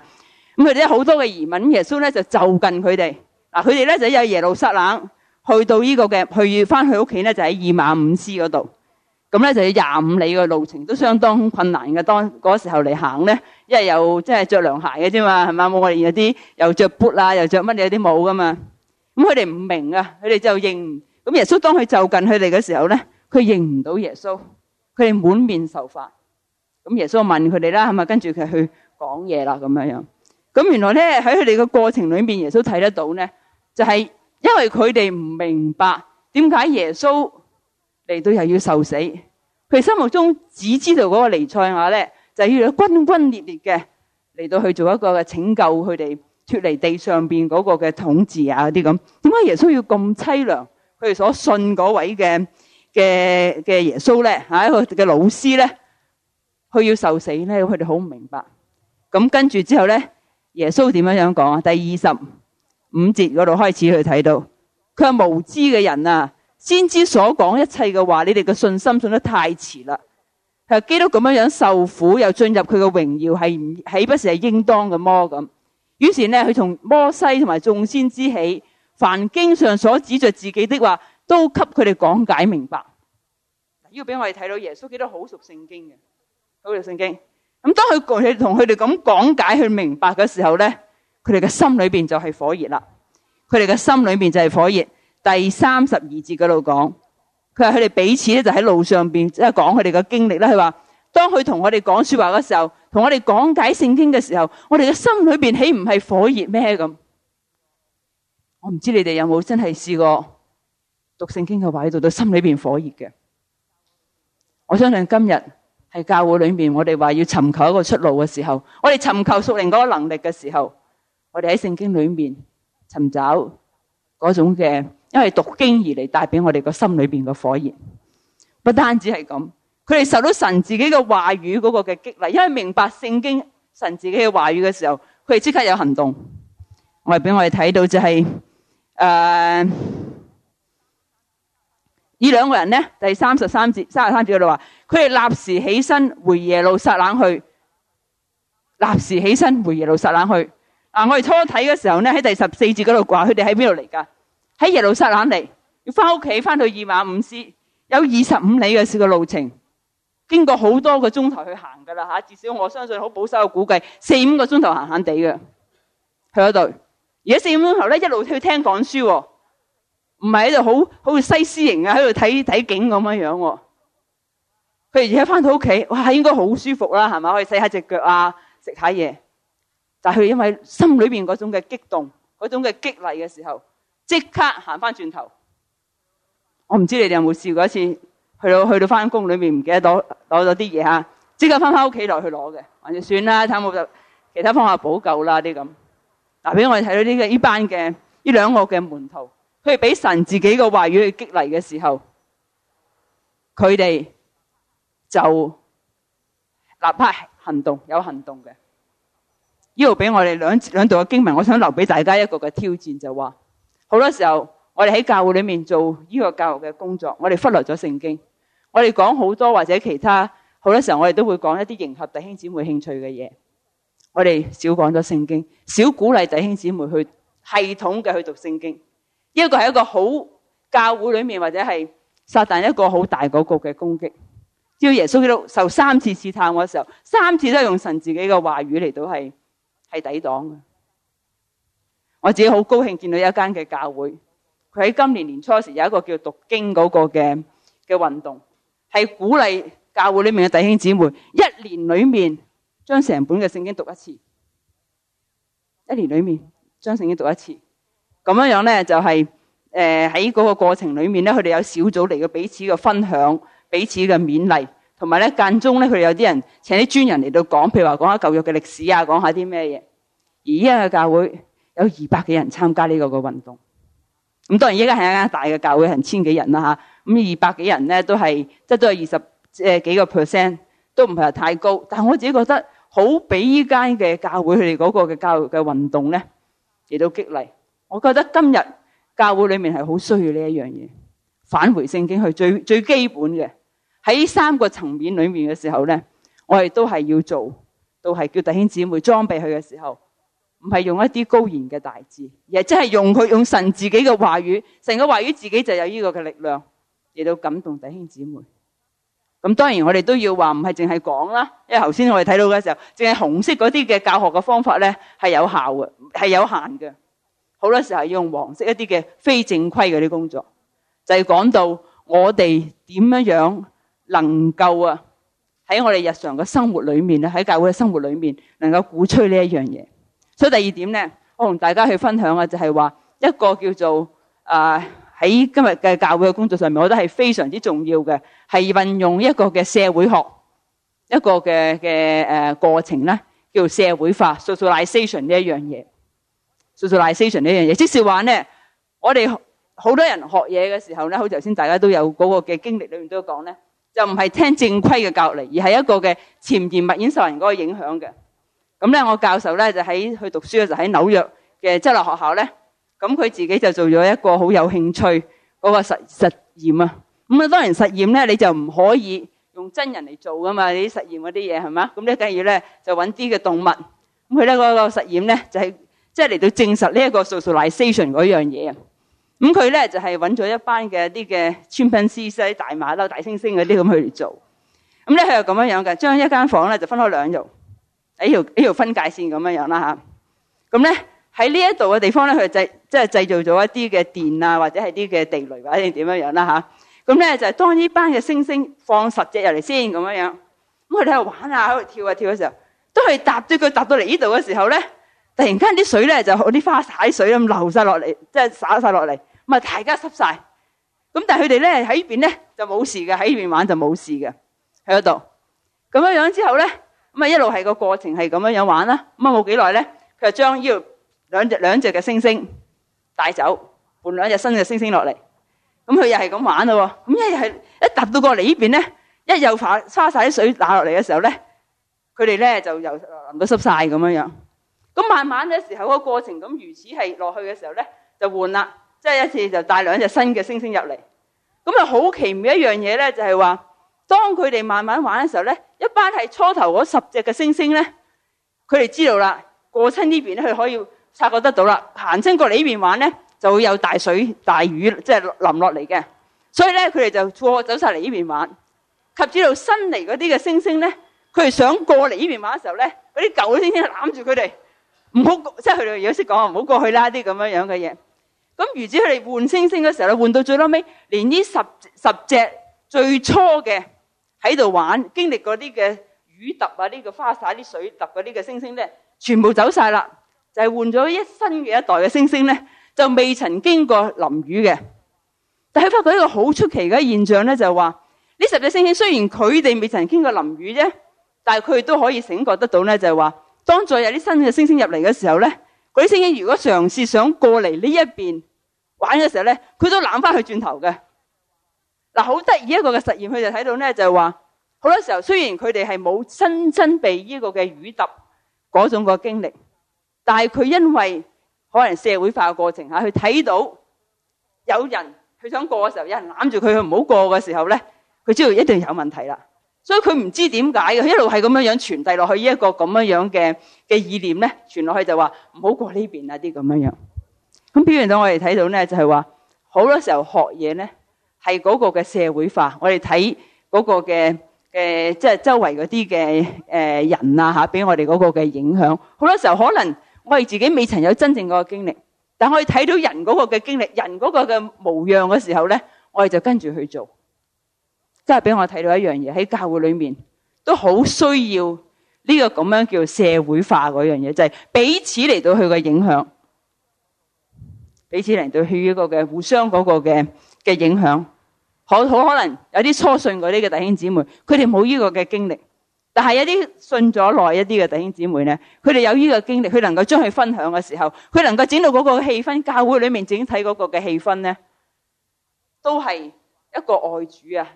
咁佢哋有好多嘅疑問，耶穌咧就就近佢哋嗱，佢哋咧就由耶路撒冷去到呢、這個嘅去翻去屋企咧，就喺以馬忤斯嗰度。咁咧就要廿五里嘅路程，都相當困難嘅。當嗰時候嚟行咧，因為又即係著涼鞋嘅啫嘛，係嘛？冇我哋有啲又著 boot 啊，又著乜嘢有啲冇噶嘛。咁佢哋唔明啊，佢哋就認。咁耶穌當佢就近佢哋嘅時候咧，佢認唔到耶穌，佢哋滿面受罰。咁耶穌問佢哋啦，係咪？跟住佢去講嘢啦，咁樣樣。咁原來咧喺佢哋嘅過程裏面，耶穌睇得到咧，就係因為佢哋唔明白點解耶穌。嚟到又要受死，佢哋心目中只知道嗰個尼賽亞咧，就要轟轟烈烈嘅嚟到去做一個拯救，佢哋脫離地上邊嗰個嘅統治啊啲咁。點解耶穌要咁淒涼？佢哋所信嗰位嘅嘅嘅耶穌咧，係一個嘅老師咧，佢要受死咧，佢哋好唔明白。咁跟住之後咧，耶穌點樣樣講啊？第二十五節嗰度開始去睇到，佢係無知嘅人啊！先知所講一切嘅話，你哋嘅信心信得太遲啦。係基督咁樣樣受苦，又進入佢嘅榮耀，係豈不是係應當嘅麼咁，於是咧，佢同摩西同埋眾先知起，凡經上所指著自己的話，都給佢哋講解明白。呢個俾我哋睇到耶穌基督好熟聖經嘅，好熟聖經。咁當佢同佢哋咁講解去明白嘅時候咧，佢哋嘅心裏邊就係火熱啦。佢哋嘅心裏邊就係火熱。第三十二節嗰度講，佢話佢哋彼此咧就喺路上邊，即係講佢哋嘅經歷啦。佢話當佢同我哋講說話嘅時候，同我哋講解聖經嘅時候，我哋嘅心裏邊豈唔係火熱咩咁？我唔知你哋有冇真係試過讀聖經嘅話，喺度到心裏邊火熱嘅。我相信今日喺教會裏面，我哋話要尋求一個出路嘅時候，我哋尋求屬靈嗰個能力嘅時候，我哋喺聖經裏面尋找嗰種嘅。因為讀經而嚟帶俾我哋個心裏邊個火焰，不單止係咁，佢哋受到神自己嘅話語嗰個嘅激勵，因為明白聖經神自己嘅話語嘅時候，佢哋即刻有行動。我哋俾我哋睇到就係、是、誒，呢、呃、兩個人咧，第三十三節三十三節嗰度話，佢哋立時起身回耶路撒冷去，立時起身回耶路撒冷去。嗱、啊，我哋初睇嘅時候咧，喺第十四節嗰度話，佢哋喺邊度嚟噶？喺耶路撒冷嚟，要翻屋企，翻到以馬忤斯，有二十五里嘅嘅路程，經過好多個鐘頭去行噶啦吓。至少我相信，好保守嘅估計，四五個鐘頭行行地嘅去一度。而家四五鐘頭咧，一路去聽講書，唔係喺度好好西施型啊，喺度睇睇景咁樣樣。佢而家翻到屋企，哇，應該好舒服啦，係咪？可以洗下隻腳啊，食下嘢。但係佢因為心裏邊嗰種嘅激動，嗰種嘅激勵嘅時候。即刻行翻轉頭，我唔知你哋有冇試過一次，去到去到翻工裏面唔記得攞攞咗啲嘢嚇，即刻翻翻屋企內去攞嘅，或者算啦，睇下有冇其他方法補救啦啲咁。嗱，俾我哋睇到呢個呢班嘅呢兩個嘅門徒，佢哋俾神自己嘅話語去激勵嘅時候，佢哋就立刻行動，有行動嘅。呢度俾我哋兩兩段嘅經文，我想留俾大家一個嘅挑戰，就話。好多時候我哋喺教會裏面做宗教教育嘅工作，我哋忽略咗聖經，我哋講好多或者其他好多時候我哋都會講一啲迎合弟兄姊妹興趣嘅嘢，我哋少講咗聖經，少鼓勵弟兄姊妹去系統嘅去讀聖經，呢個係一個好教會裏面或者係撒旦一個好大個局嘅攻擊。要耶穌基督受三次試探嘅時候，三次都係用神自己嘅話語嚟到係係抵擋嘅。我自己好高興見到一間嘅教會，佢喺今年年初時有一個叫讀經嗰個嘅嘅運動，係鼓勵教會裏面嘅弟兄姊妹一年裏面將成本嘅聖經讀一次，一年裏面將聖經讀一次咁樣樣咧就係誒喺嗰個過程裏面咧，佢哋有小組嚟嘅彼此嘅分享，彼此嘅勉勵，同埋咧間中咧佢哋有啲人請啲專人嚟到講，譬如話講一下舊約嘅歷史啊，講一下啲咩嘢。而家嘅教會。有二百幾人參加呢個個運動，咁當然依家係一間大嘅教會，係千幾人啦吓。咁二百幾人咧都係，即係都係二十即係幾個 percent，都唔係話太高。但係我自己覺得好比依間嘅教會佢哋嗰個嘅教育嘅運動咧，亦都激勵。我覺得今日教會裏面係好需要呢一樣嘢，返回聖經去最最基本嘅喺三個層面裏面嘅時候咧，我哋都係要做，都係叫弟兄姊妹裝備佢嘅時候。唔係用一啲高言嘅大字，而係即係用佢用神自己嘅話語，成個話語自己就有呢個嘅力量，嚟到感動弟兄姊妹。咁當然我哋都要話唔係淨係講啦，因為頭先我哋睇到嘅時候，淨係紅色嗰啲嘅教學嘅方法咧係有效嘅，係有限嘅。好多時候要用黃色一啲嘅非正規嗰啲工作，就係講到我哋點樣樣能夠啊喺我哋日常嘅生活裏面咧，喺教會嘅生活裏面能夠鼓吹呢一樣嘢。所以第二點咧，我同大家去分享嘅就係話一個叫做啊喺、呃、今日嘅教會嘅工作上面，我覺得係非常之重要嘅，係運用一個嘅社會學一個嘅嘅誒過程咧，叫社會化 socialization 呢一樣嘢 socialization 呢一樣嘢即是話咧，我哋好很多人學嘢嘅時候咧，好似頭先大家都有嗰個嘅經歷裏面都有講咧，就唔係聽正規嘅教育嚟，而係一個嘅潛移默染受人嗰個影響嘅。咁咧，我教授咧就喺去讀書嘅時候喺紐約嘅州立學校咧，咁佢自己就做咗一個好有興趣嗰個實實驗啊。咁啊，當然實驗咧你就唔可以用真人嚟做噶嘛，你啲實驗嗰啲嘢係嘛？咁咧，梗要咧就揾啲嘅動物。咁佢咧個實驗咧就係即係嚟到證實呢一個 socialization 嗰樣嘢啊。咁佢咧就係揾咗一班嘅啲嘅 chimpanzee 大馬騮、大猩猩嗰啲咁去嚟做。咁咧佢又咁樣樣嘅，將一間房咧就分開兩用。呢條呢條分界線咁樣樣啦吓，咁咧喺呢一度嘅地方咧，佢製即係製造咗一啲嘅電啊，或者係啲嘅地雷或者點樣樣啦吓，咁咧就係當呢班嘅星星放十隻入嚟先咁樣樣，咁佢哋喺度玩啊，喺度跳啊跳嘅時候，都係踏啲腳踏到嚟呢度嘅時候咧，突然間啲水咧就啲花灑水咁流晒落嚟，即係灑晒落嚟，咁啊大家濕晒。咁但係佢哋咧喺呢邊咧就冇事嘅，喺呢邊玩就冇事嘅喺嗰度。咁樣樣之後咧。咁啊，一路係個過程係咁樣樣玩啦。咁啊，冇幾耐咧，佢就將呢度兩隻兩隻嘅猩猩帶走，換兩隻新嘅猩猩落嚟。咁佢又係咁玩咯。咁一係一踏到過嚟呢邊咧，一又化沙晒啲水打落嚟嘅時候咧，佢哋咧就又淋到濕晒咁樣樣。咁慢慢嘅時候，那個過程咁如此係落去嘅時候咧，就換啦，即係一次就帶兩隻新嘅猩猩入嚟。咁啊，好奇妙的一樣嘢咧，就係話。當佢哋慢慢玩嘅時候咧，一班係初頭嗰十隻嘅猩猩咧，佢哋知道啦，過親呢邊咧，佢可以察覺得到啦。行親過嚟呢邊玩咧，就會有大水大雨，即係淋落嚟嘅。所以咧，佢哋就走過走晒嚟呢邊玩。及至到新嚟嗰啲嘅猩猩咧，佢哋想過嚟呢邊玩嘅時候咧，嗰啲舊嘅猩猩攬住佢哋，唔好，即係佢哋有識講唔好過去啦啲咁樣樣嘅嘢。咁如止佢哋換猩猩嘅時候咧，換到最嬲尾，連呢十十隻最初嘅。喺度玩，經歷嗰啲嘅雨揼啊，呢個花灑啲水揼嗰啲嘅星星咧，全部走晒啦，就係換咗一新嘅一代嘅星星咧，就未曾經過淋雨嘅。但係發覺一個好出奇嘅現象咧，就係話呢十隻星星雖然佢哋未曾經過淋雨啫，但係佢哋都可以醒覺得到咧，就係話當再有啲新嘅星星入嚟嘅時候咧，嗰啲星星如果嘗試想過嚟呢一邊玩嘅時候咧，佢都攬翻去轉頭嘅。嗱，好得意一個嘅實驗，佢就睇到咧，就係話好多時候雖然佢哋係冇親身被呢個嘅雨揼嗰種個經歷，但係佢因為可能社會化嘅過程吓，佢睇到有人佢想過嘅時候，有人攬住佢，佢唔好過嘅時候咧，佢知道一定有問題啦。所以佢唔知點解嘅，佢一路係咁樣樣傳遞落去呢一個咁樣樣嘅嘅意念咧，傳落去就話唔好過呢邊啊啲咁樣樣。咁表現到我哋睇到咧，就係話好多時候學嘢咧。係嗰個嘅社會化，我哋睇嗰個嘅嘅，即、呃、係周圍嗰啲嘅誒人啊吓，俾我哋嗰個嘅影響。好多時候可能我哋自己未曾有真正嗰個經歷，但我哋睇到人嗰個嘅經歷，人嗰個嘅模樣嘅時候咧，我哋就跟住去做。真係俾我睇到一樣嘢，喺教會裏面都好需要呢個咁樣叫社會化嗰樣嘢，就係、是、彼此嚟到去個影響，彼此嚟到去一個嘅互相嗰個嘅。嘅影響，好好可能有啲初信嗰啲嘅弟兄姊妹，佢哋冇呢個嘅經歷，但係有啲信咗耐一啲嘅弟兄姊妹咧，佢哋有呢個經歷，佢能夠將佢分享嘅時候，佢能夠整到嗰個氣氛，教會裏面整體嗰個嘅氣氛咧，都係一個愛主啊、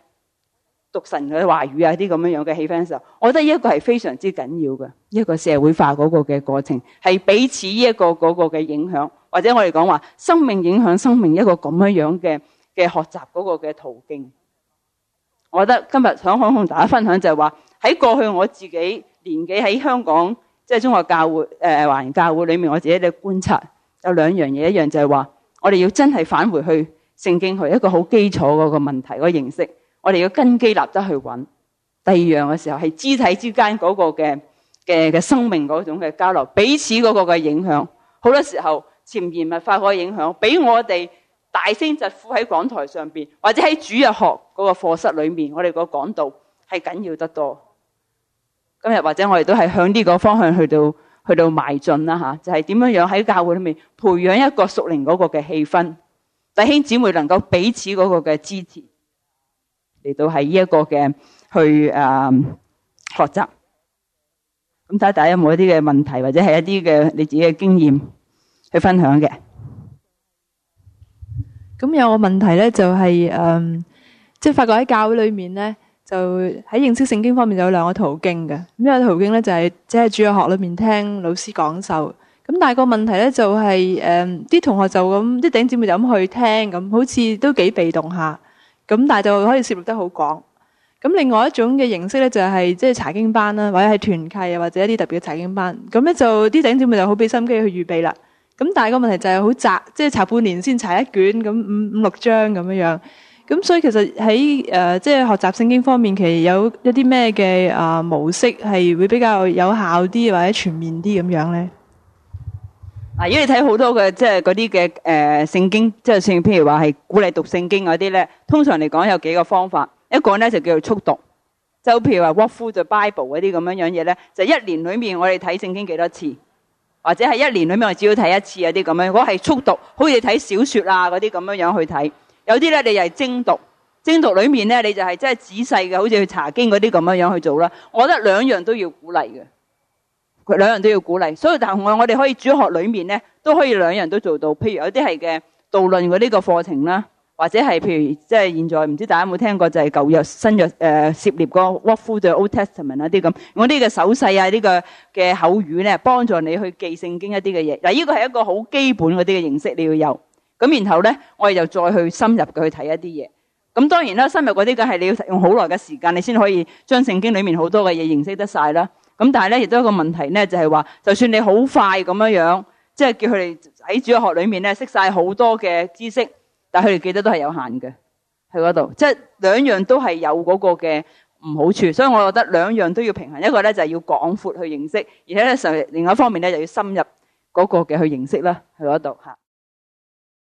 讀神嘅話語啊啲咁樣樣嘅氣氛嘅時候，我覺得呢一個係非常之緊要嘅一個社會化嗰個嘅過程，係彼此一個嗰個嘅影響，或者我哋講話生命影響生命一個咁樣樣嘅。嘅學習嗰、那個嘅途徑，我覺得今日想同大家分享就係話喺過去我自己年紀喺香港即係、就是、中國教會誒華、呃、人教會裏面，我自己嘅觀察有兩樣嘢，一樣就係話我哋要真係返回去聖經去一個好基礎嗰個問題嗰、那個認識，我哋要根基立得去穩。第二樣嘅時候係肢體之間嗰個嘅嘅嘅生命嗰種嘅交流，彼此嗰個嘅影響，好多時候潛移默化個影響俾我哋。大聲疾呼喺講台上邊，或者喺主日學嗰個課室裏面，我哋個講道係緊要得多。今日或者我哋都係向呢個方向去到去到邁進啦吓，就係、是、點樣樣喺教會裏面培養一個屬靈嗰個嘅氣氛，弟兄姊妹能夠彼此嗰個嘅支持，嚟到係呢一個嘅去誒、啊、學習。咁睇下大家有冇一啲嘅問題，或者係一啲嘅你自己嘅經驗去分享嘅。咁有個問題咧，就係誒，即係發覺喺教會裏面咧，就喺認識聖經方面就有兩個途徑嘅。咁一個途徑咧就係即係主日學裏面聽老師講授。咁但係個問題咧就係誒，啲同學就咁，啲頂姊妹就咁去聽，咁好似都幾被動下。咁但係就可以涉獵得好廣。咁另外一種嘅形式咧就係即係查經班啦，或者係團契啊，或者一啲特別嘅查經班。咁咧就啲頂姊妹就好俾心機去預備啦。咁但係個問題就係好窄，即係查半年先查一卷咁五五六章咁樣樣。咁所以其實喺誒即係學習聖經方面，其實有一啲咩嘅啊模式係會比較有效啲或者全面啲咁樣咧？啊，如果你睇好多嘅即係嗰啲嘅誒聖經，即係聖，譬如話係鼓勵讀聖經嗰啲咧。通常嚟講有幾個方法，一個咧就叫做速讀，就譬如話 Walk Through the Bible 嗰啲咁樣樣嘢咧，就是，一年裏面我哋睇聖經幾多次？或者係一年裏面我只要睇一次啊啲咁樣，如果係速讀，好似睇小説啊嗰啲咁樣去睇。有啲咧你又係精讀，精讀裏面咧你就係即係仔細嘅，好似去查經嗰啲咁樣去做啦。我覺得兩樣都要鼓勵嘅，兩樣都要鼓勵。所以但係我哋可以主學裏面咧都可以兩樣都做到。譬如有啲係嘅導論嘅呢個課程啦。或者係譬如即係現在唔知大家有冇聽過，就係舊約新約誒，涉獵過 Walk Through the Old Testament，一啲咁我啲嘅手勢啊呢個嘅、這個、口語咧幫助你去記聖經一啲嘅嘢。嗱，呢個係一個好基本嗰啲嘅認識，你要有咁，然後咧我哋就再去深入嘅去睇一啲嘢，咁當然啦，深入嗰啲嘅係你要用好耐嘅時間你先可以將聖經裏面好多嘅嘢認識得晒啦，咁但係咧亦都有一個問題咧，就係話就算你好快咁樣樣，即係叫佢哋喺主學裏面咧識晒好多嘅知識。但佢哋記得都係有限嘅，喺嗰度，即係兩樣都係有嗰個嘅唔好處，所以我覺得兩樣都要平衡，一個咧就係要廣闊去認識，而且咧實另外一方面咧就要深入嗰個嘅去認識啦，喺嗰度嚇。